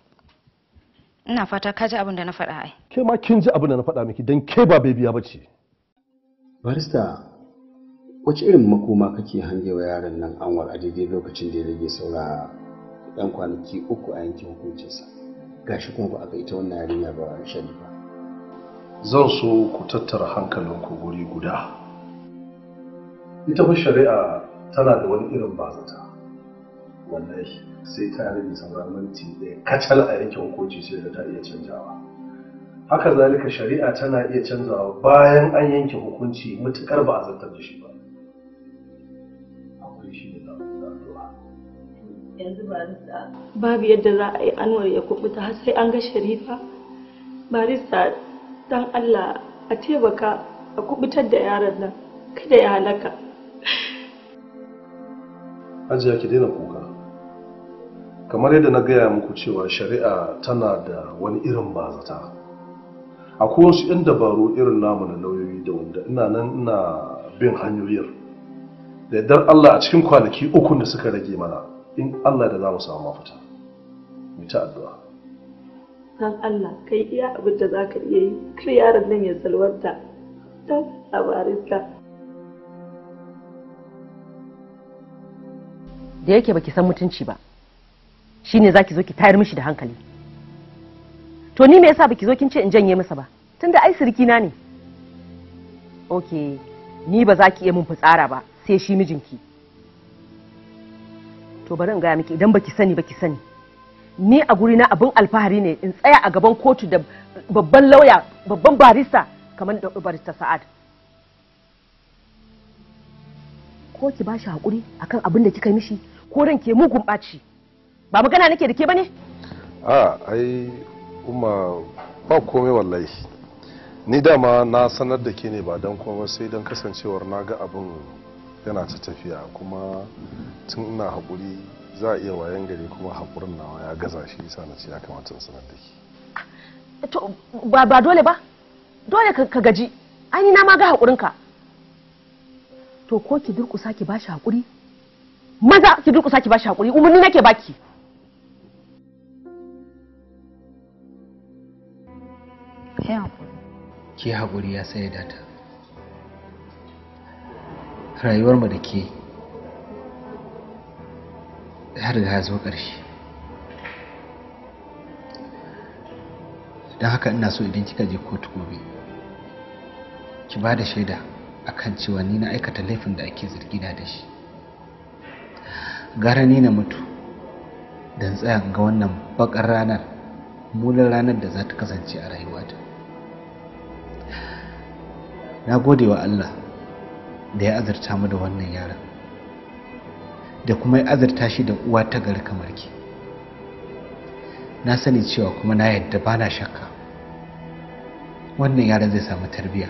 ina fata ka ji abin da na faɗa ai ke ma kin ji abin da na faɗa miki dan ke ba bebiya bace barista wace irin makoma kake hangewa yaron nan anwar a daidai lokacin da ya rage saura ɗan kwanaki uku a yankin hukuncinsa gashi kuma ba a kai ta wannan yarinya ba shari ba zan so ku tattara hankalinku guri guda ita fa shari'a tana da wani irin bazata wallahi sai ta yi da sauran minti ɗaya kacal a yanke hukunci sai da ta iya canjawa haka zalika shari'a tana iya canzawa bayan an yanke hukunci mutukar ba a zartar da shi ba yanzu barista babu yadda za a yi anwar ya kubuta har sai an ga sharifa barista dan allah a taimaka a kubutar da yaron nan kada ya halaka ajiya ki daina kuka kamar yadda na gaya muku cewa shari'a tana da wani irin bazata a kowace 'yan dabaru irin namu na lauyoyi da wanda ina nan ina bin hanyoyin da allah a cikin kwanaki uku da suka rage mana in Allah da za mu samu mafita mu ta addu'a dan Allah kai iya abin da za ka iya yi kar yaron nan ya salwarta dan labarinsa da yake baki san mutunci ba shine zaki zo ki tayar mishi da hankali to ni me yasa baki zo kin ce in janye masa ba tunda ai sirki na ne okay ni ba za ki iya mun fitsara ba sai shi mijinki to bari in gaya miki idan baki sani baki sani ni a guri na abin alfahari ne in tsaya a gaban kotu da babban lauya babban barista kamar da barista sa'ad ko ki bashi hakuri akan abin da kika mishi ko ran ke mugun baci ba magana nake da ke bane a ai umma ba komai wallahi ni dama na sanar da ke ne ba don komai sai don kasancewar na ga abin yana ta tafiya kuma tun ina haƙuri za a iya wayan gari kuma haƙurin nawa ya gaza shi yasa na ce ya kamata in sanar da ke to ba ba dole ba dole ka gaji ai na ma ga ka to ko ki durƙusa ki bashi haƙuri maza ki durƙusa ki bashi haƙuri umarni nake baki ki haƙuri ya sai data rayuwarmu da ke ya da zo ƙarshe don haka ina so idan kika je kotu gobe ki ba da shaida akan cewa ni na aikata laifin da ake zargina da shi gara ni na mutu don tsaya ga wannan bakar ranar mulan ranar da za ta kasance a rayuwata na gode wa allah da ya azurta mu da wannan yaron da kuma ya azurta shi da uwa ta gari kamar ki na sani cewa kuma na yadda ba na shakka wannan yaron zai samu tarbiyya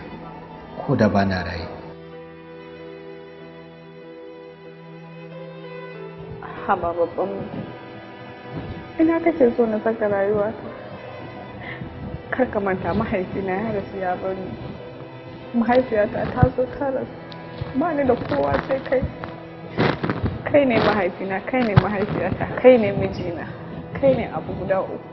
ko da ba na raye haba babban mutum ina kake so na saka rayuwa kar ka manta mahaifina ya rasu ya bani mahaifiyata ta zo ta rasu ba ni da kowa sai kai kai ne mahaifina kai ne mahaifiyata kai ne mijina kai ne abu guda uku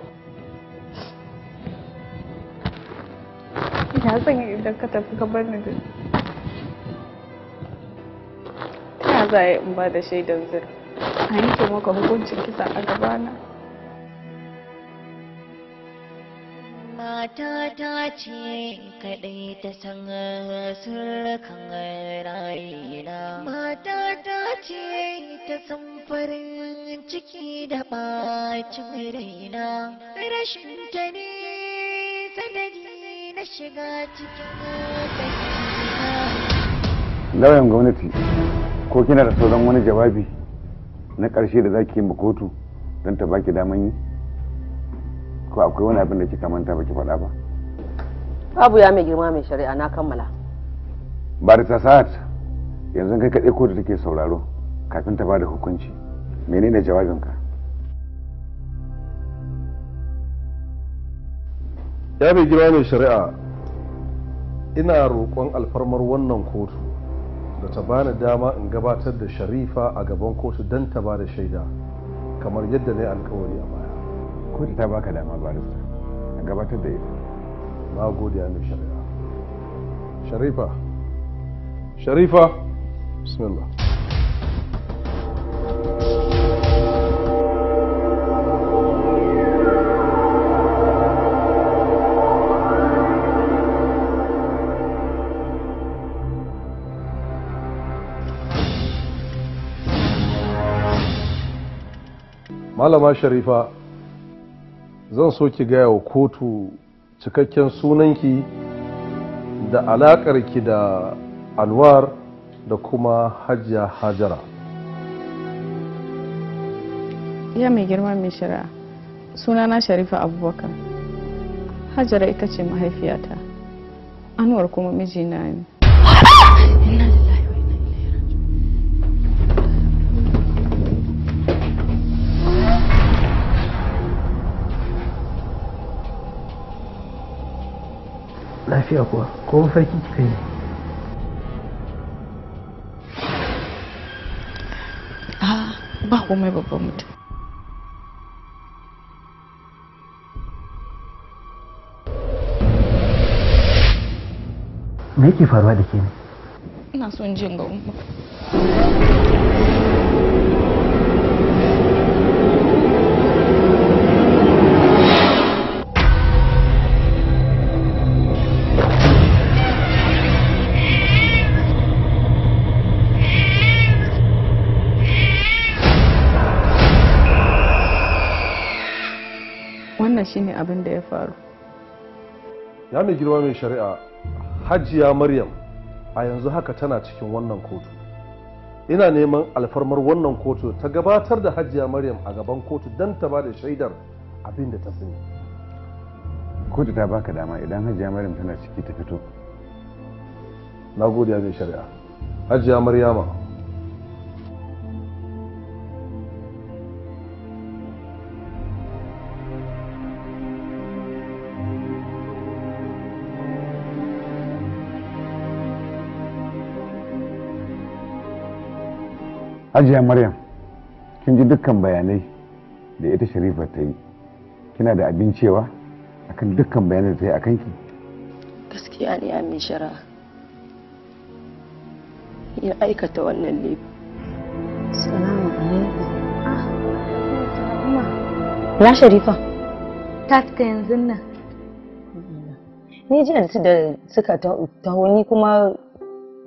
ya zan yi idan ka tafi ka bar ni da ta za a yi in ba da shaidan zira a yanke maka hukuncin kisa a gabana mata ta ce kaɗai ta san sulkan rayina mata ta ce ta san farin ciki da ɓacin raina rashin ta ne sanadi na shiga cikin lauyan gwamnati ko kina da sauran wani jawabi na ƙarshe da za ki yi kotu don ta baki daman yi ko akwai wani abin da kika manta baki faɗa ba babu ya mai girma mai shari'a na kammala barista sa'ad yanzu kai kaɗai da take sauraro kafin ta bada hukunci menene jawabinka ya mai girma mai shari'a ina roƙon alfarmar wannan kotu da ta bani dama in gabatar da sharifa a gaban kotu don ta ba da shaida kamar yadda na yi alkawari a baya kotu ta baka dama barista a gabatar da ita na gode mai shari'a sharifa sharifa bismillah malama sharifa zan so ki gaya wa kotu cikakken sunanki da alaƙarki da alwar da kuma hajjiya hajara ya mai girma mai shari'a sunana sharifa abubakar hajara ita ce mahaifiyata anwar kuma mijina ne lafiya kuwa ko mafarki kika yi ah, ba komai babban mutum me yake faruwa da ke ne ina son jin ga umma shine abin da ya faru ya mai girma mai shari'a hajiya maryam a yanzu haka tana cikin wannan kotu ina neman alfarmar wannan kotu ta gabatar da hajiya maryam a gaban kotu don ta ba da shaidar abin da ta sani kotu ta baka dama idan hajiya maryam tana ciki ta fito na gode mai shari'a hajiya maryama hajiya maryam kin ji dukkan bayanai da ita sharifa ta yi kina da abin cewa akan dukkan bayanai da ta yi a kanki gaskiya ne a shara ya aikata wannan lebe salamu alaikum na ah, sharifa ta cika yanzu nan ni ji da suka ta kuma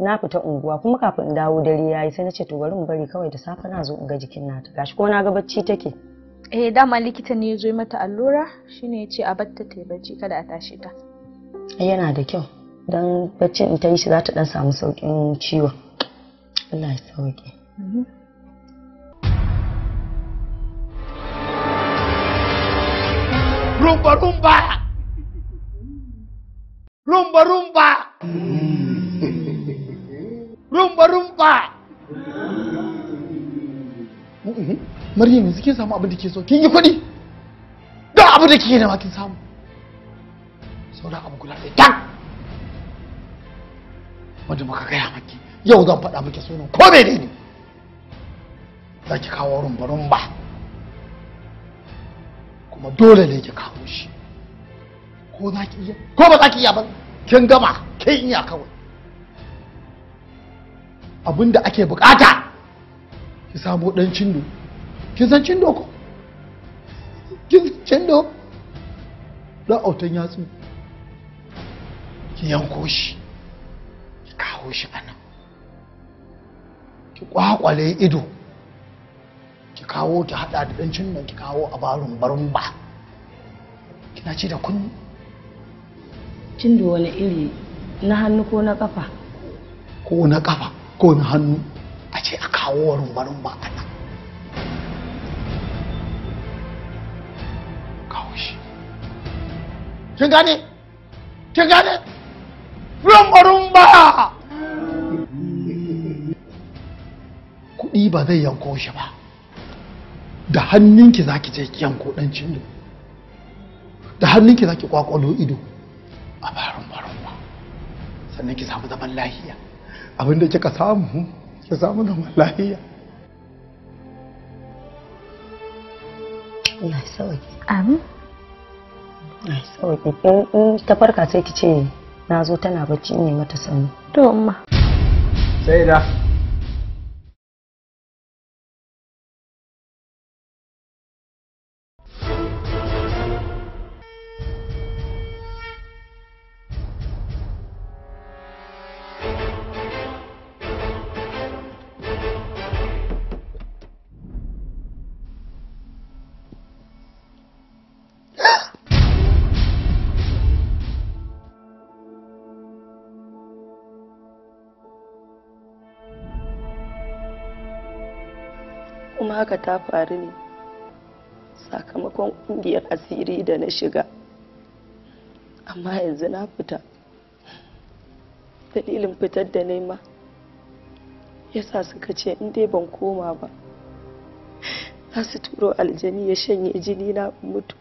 na fita unguwa kuma kafin in dawo dare yayi sai na ce to bari mu bari kawai da safe na zo in ga jikin nata gashi ko na ga bacci take eh dama likita ne ya zo mata allura shine ya ce a batta ta bacci kada a tashi ta eh, yana da kyau dan baccin in ta yi shi za ta dan samu saukin ciwon Allah ya sauke mhm. rumba rumba rumba rumba rumba rumba Maryam yanzu kin samu abin da ke so kin yi kuɗi Don abin da kike nema kin samu sauran abu guda ɗaya tan? wanda muka gaya maki yau zan faɗa miki sunan ko mene ne za ki kawo rumba rumba kuma dole ne ki kawo shi ko za ki iya ko ba za ki iya ba kin gama kin iya kawai abin da ake bukata ki samo dan cindo kin san cindo ko kin cindo da autan yatsu ki yanko shi ki kawo shi anan ki kwakwale ido ki kawo ta hada da dan cindo ki kawo a barun barun ba kina ci da kunni cindo wani iri na hannu ko na kafa ko na kafa ko wani hannu a ce a kawo rumba-rumba a nan kawo shi kin gane kin gane rumba-rumba kuɗi ba zai yanko shi ba da hannunki za ki je ki yanko ɗan cindo da hannunki za ki kwakwalo ido a barin rumba rumba sannan ki samu zaman lahiya abinda kika samu ki samu da lafiya Allah ya amin Allah sauki in ta farka sai ki ce na zo tana bacci ne mata sanu to amma sai da kuma haka ta faru ne sakamakon ƙungiyar asiri da na shiga amma yanzu na fita dalilin fitar da nema yasa suka ce in dai ban koma ba za su turo aljani ya shanye jini na mutu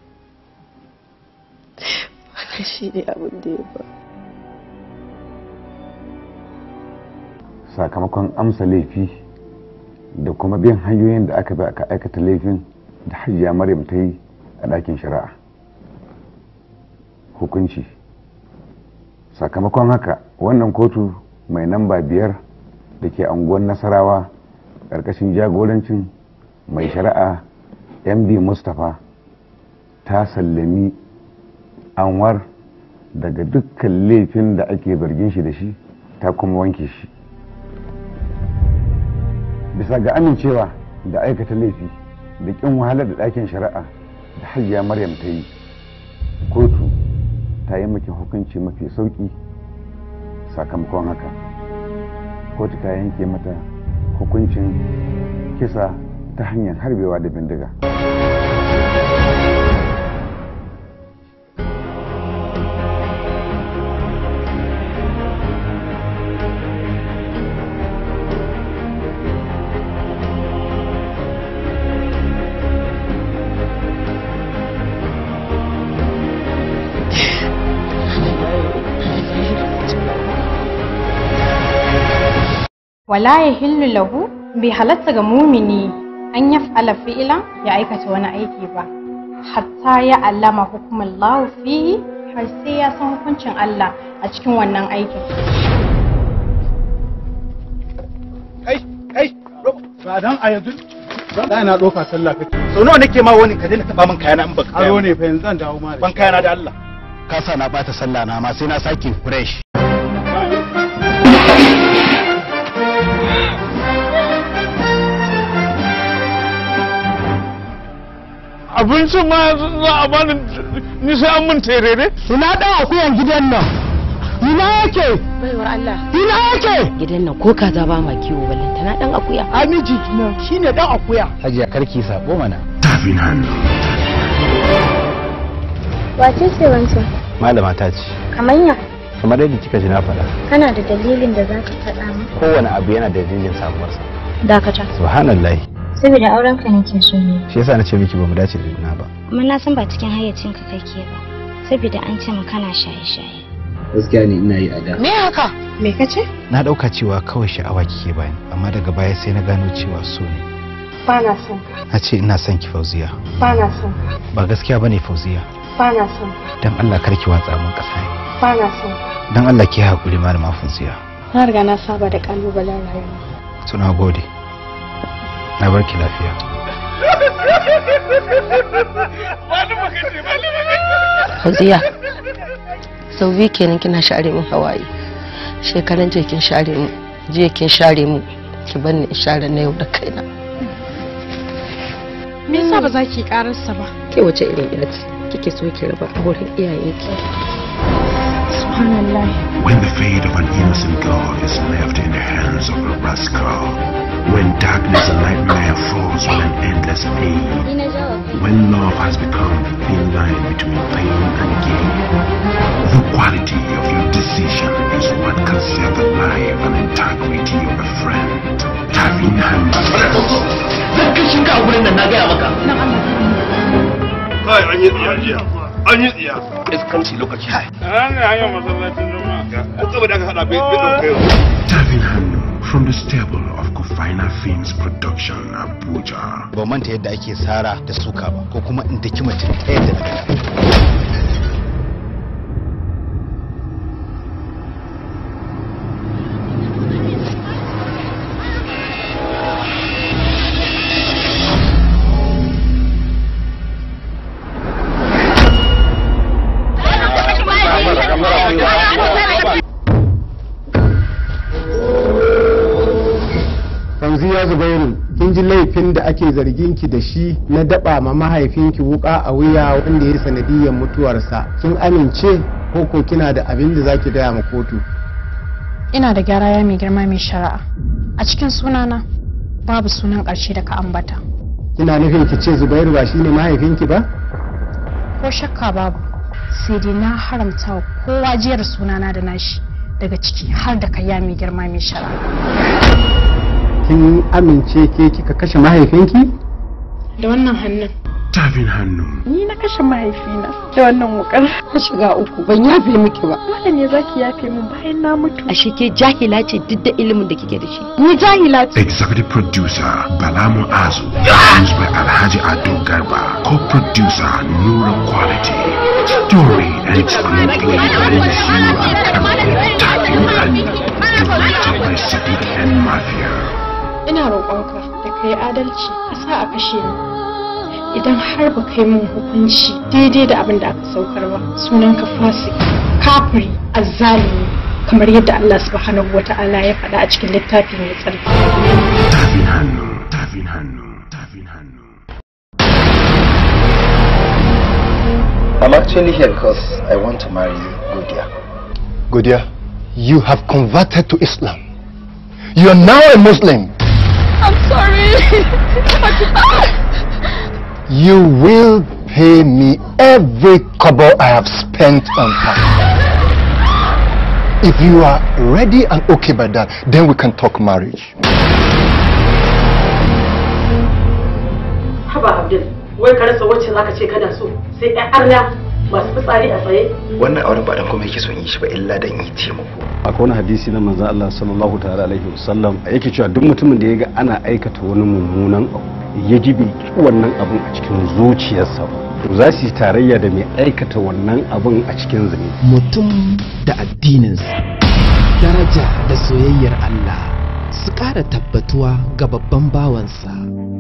wannan shi ne abin da ya ba sakamakon amsa laifi da kuma bin hanyoyin da aka bi aka aikata laifin da hajiya maryam ta yi a ɗakin shari'a hukunci sakamakon haka wannan kotu mai namba biyar da ke anguwan nasarawa ƙarƙashin jagorancin mai shari'a mb mustapha ta sallami anwar daga dukkan laifin da ake zargin shi da shi ta kuma wanke shi bisa ga amincewa da aikata laifi da kin wahalar da ɗakin shari'a da hajiya maryam ta yi kotu ta yi maki hukunci mafi sauƙi sakamakon haka kotu ta yanke mata hukuncin kisa ta hanyar harbewa da bindiga. wala ya hillu lahu bai halatta ga mumini an ya fa'ala fi'ila ya aikata wani aiki ba hatta ya allama hukumin fihi har sai ya san hukuncin Allah a cikin wannan aikin kai kai ba dan a yanzu za na ɗauka sallah kake so nawa nake ma wani ka daina taɓa min kayana in baka aro ne fa yanzu zan dawo ma ban kayana da Allah Kasa sa na bata sallah na ma sai na sake fresh abincin ma za a bani ni sai an mun terere ina ɗan akuyan gidan nan ina yake baiwar Allah ina yake gidan nan ko kaza ba ma kiwo ballan tana ɗan akuya amiji na shi ne ɗan akuya hajiya karki sako mana na hannu wace ce wancan malama ta ce kamanya kamar yadda kika ji na faɗa kana da dalilin da za ka faɗa mu kowane abu yana da dalilin samuwarsa dakata Subhanallah. saboda auren ka nake so ne shi yasa na ce miki ba mu dace da juna ba amma na san ba cikin hayyacin ka kake ba saboda an ce mu kana shaye shaye gaskiya ne ina yi a da me haka me kace na dauka cewa kawai sha'awa kike bani amma daga baya sai na gano cewa so ne ba na son ka na ce ina son ki fauziya ba na son ka ba gaskiya bane fauziya ba na son ka dan Allah kar ki watsa mun kasa ba na son ka dan Allah ki hakuri malama fauziya na riga na saba da kalubalen rayuwa suna gode na barki lafiya Fauziya, sau biyu kenan kina share min hawaye. Shekaran jiya kin share mu, jiya kin share mu, ki bar ni in share na yau da kaina. Me yasa ba za ki kararsa ba? Ke wace irin yaci kike so ki raba auren iyayenki? Subhanallah. When the fate of an innocent girl is left in the hands of a rascal, When darkness and nightmare falls with an endless pain. When love has become the thin line between pain and gain. The quality of your decision is what can save the life and integrity of a friend. Tafin from the stable of Kufaina Films Production Abuja. Ba manta yadda ake sara da suka ba ko kuma in daki mutum ɗaya da ake zargin ki da shi na daba ma mahaifinki wuka a wuya wanda ya sanadiyar mutuwarsa kin amince ko ko kina da abin da zaki gaya ma kotu ina da gyara ya mai girma mai shari'a a cikin sunana babu sunan ƙarshe da ka ambata kina nufin ki ce zubairu ba shine mahaifinki ba ko shakka babu sai dai na haramta kowa jiyar sunana da nashi daga ciki har da kayya mai girma mai shari'a. kin amince ke kika kashe mahaifinki? Da wannan hannun. Tafin hannu. Ni na kashe mahaifina da wannan wukar na shiga uku ban yafe miki ba. Wanda ne zaki yafe min bayan na mutu. Ashe ke jahila ce duk da ilimin da kike da shi. Ni jahila ce. Executive producer Bala Mu'azu. Produced by Alhaji Ado Garba. Co-producer Nura Quality. Story and screenplay by Zura Kamil Tafin Hannu. Directed by Sadiq and Mafia. ina roƙonka da kai adalci ka sa a kashe ni idan har ba kai min hukunci daidai da abin da aka saukar ba sunan ka fasik kafiri azzalimi kamar yadda Allah subhanahu wa ta'ala ya faɗa a cikin littafi mai tsarki tafin hannu tafin hannu tafin hannu I'm actually here because I want to marry you, Godia. Godia, you have converted to Islam. You are now a Muslim. I'm sorry. you will pay me every kobo I have spent on her. If you are ready and okay by that, then we can talk marriage. Haba Abdul, can I say what you ce to so sai I'm arna masu fitsari a tsaye wannan auren ba dan kuma yake son yi shi ba illa dan yi taimako akwai wani hadisi na manzon Allah sallallahu ta'ala alaihi wasallam yake cewa duk mutumin da ya ga ana aikata wani mummunan abu ya ji bai wannan abun a cikin zuciyarsa ba to za su yi tarayya da mai aikata wannan abun a cikin zane mutum da addininsa daraja da soyayyar Allah su ƙara tabbatuwa ga babban bawansa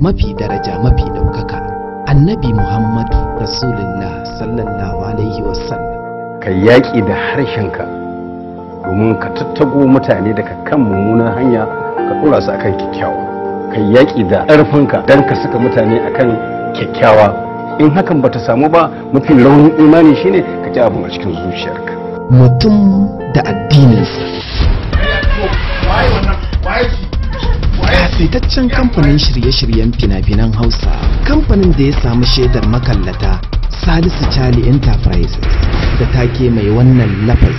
mafi daraja mafi ɗaukaka annabi muhammad rasulullah sallallahu alaihi wasallam ka yaƙi da harshenka domin ka tattago mutane daga kan mummunan hanya ka ɗora su akan kyakkyawa ka yaƙi da ƙarfinka don ka saka mutane akan kyakkyawa in hakan ba ta samu ba mafi raunin imani shine ka ji abin a cikin zuciyarka mutum da addininsa fitaccen kamfanin shirye-shiryen fina-finan hausa kamfanin da ya samu shaidar makallata salisu charlie enterprises da take mai wannan lafaz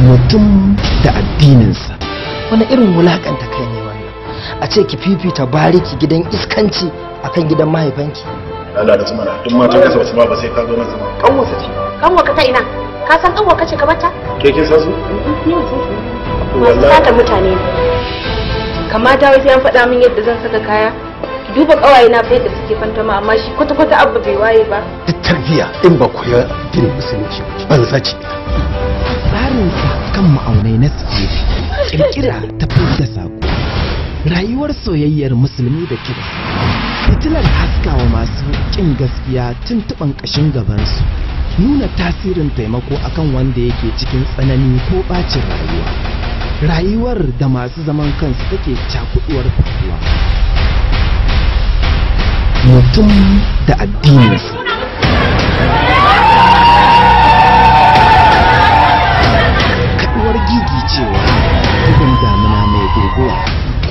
mutum da addininsa wani irin wulakanta kai ne wannan a ce ki fifita bariki gidan iskanci akan gidan mahaifanki Allah da tsumana duk matan kasa wasu ba sai ka zo nan zama kanwa ce kanwa ka ta ina ka san kanwa ka ce ka bata ke kin san su mm-hmm, ni ban san su masu sata mutane ne kamata wai sai an faɗa min yadda zan saka kaya ki duba kawaye na fa yadda suke fantama amma shi kwata kwata abu bai waye ba duk tarbiya in ba koya din musulunci ban ban tsarin ka kan ma'aunai na tsiri kirkira ta da sako rayuwar soyayyar musulmi da kirista fitilar haskawa masu kin gaskiya tuntuɓan ƙashin gabansu nuna tasirin taimako akan wanda yake cikin tsanani ko ɓacin rayuwa rayuwar da masu zaman kansu take cakuduwar fasuwa mutum da addininsu kaduwar gigi cewa bugun damina mai guguwa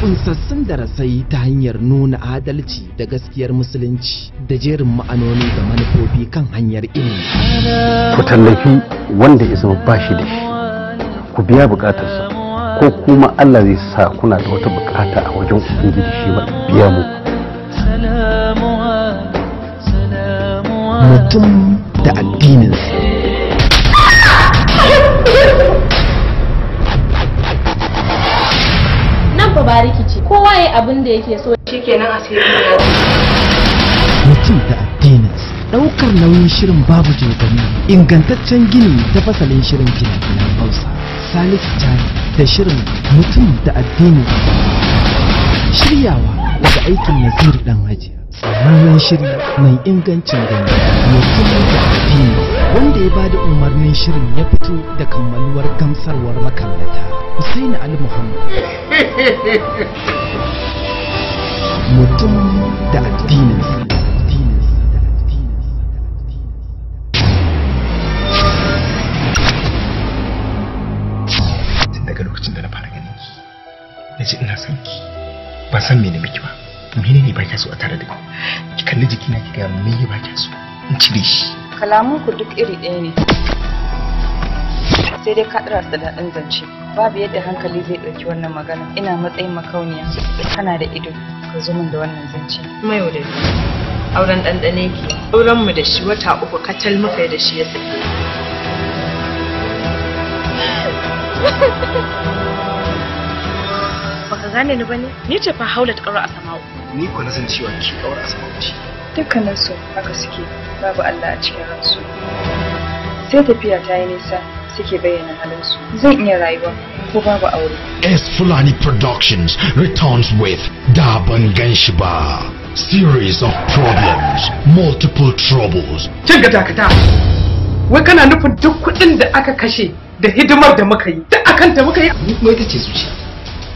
kunsassun darasai ta hanyar nuna adalci da gaskiyar musulunci da jerin ma'anoni da manufofi kan hanyar ilimi ku tallafi wanda isa ba bashi da shi ku biya bukatarsa ko kuma Allah zai sa kuna da wata bukata a wajen ubangiji shi wata biya mu mutum da addininsa nan fa ba rikici kowa ya abin da yake so shikenan asiri mutum da addininsa daukar nauyin shirin babu jirgin ingantaccen gini ta fasalin shirin gina ginen hausa salisu jami'a da shirin mutum da addini shiryawa daga aikin naziri dan hajiya tsamanin shiri mai ingancin gani mutum da addini wanda ya ba da umarnin shirin ya fito da kammaluwar gamsarwar makallata Husaini Ali Muhammad mutum da addini na ji ina son ki ba san mene miki ba mene ne baki so a tare da ku ki kalli jikina ki ga me ya baki so in cire shi kalamun ku duk iri ɗaya ne sai dai ka ɗara su da ɗan zance babu yadda hankali zai ɗauki wannan magana ina matsayin makauniya kana da ido ka zo da wannan zance mai wadai auren ɗanɗane ki auren mu da shi wata uku kacal muka da shi ya sake gane ni bane ni ce fa ta ƙaura a sama'u ni ko na san cewa ki ƙaura a sama'u ce dukkanin su haka suke babu Allah a cikin ransu sai tafiya ta yi nisa suke bayyana halinsu zan iya rayuwa ko babu aure S Fulani Productions returns with da ban gan shi ba series of problems multiple troubles kin ga dakata wai kana nufin duk kuɗin da aka kashe da hidimar da muka yi da akan ta muka yi ni kuma ita ce zuciya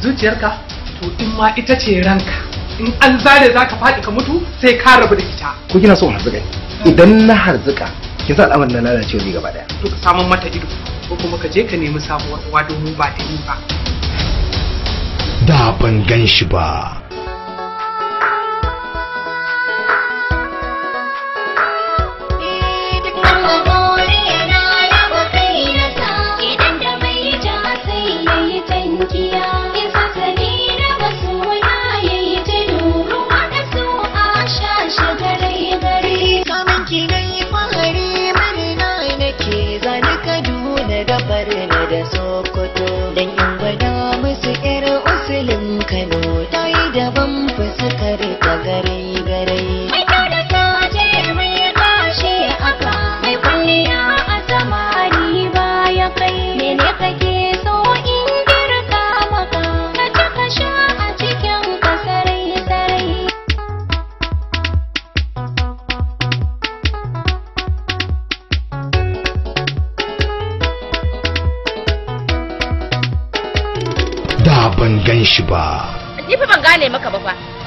zuciyarka to in ma ita ce ranka in an zare zaka faɗi ka mutu sai ka rabu da ita ko kina so harzuka idan na harzuka kin sa al'amarin na lalacewa ne gaba daya to ka samun mata ido ko kuma ka je ka nemi sabuwar uwa domin ba ta yi ba da ban gan shi ba तगरे तगरे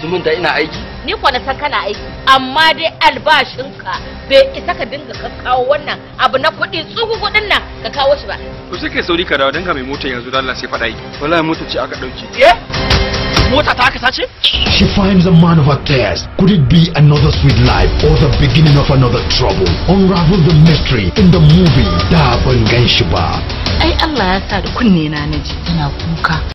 zumunta da ina aiki. Ni kuwa na san kana aiki, amma dai albashinka bai isa ka dinga ka kawo wannan abu na kuɗi tsugu kuɗin nan ka kawo shi ba. To sai kai sauri ka dawo dan ga mai mota yanzu dan Allah sai faɗa yi. Wallahi mota ce aka dauke Eh? Mota ta aka sace? She finds a man of her cares. Could it be another sweet life or the beginning of another trouble? Unravel the mystery in the movie Da ban gan shi ba. Ai Allah ya sa da kunne na naji tana kuka.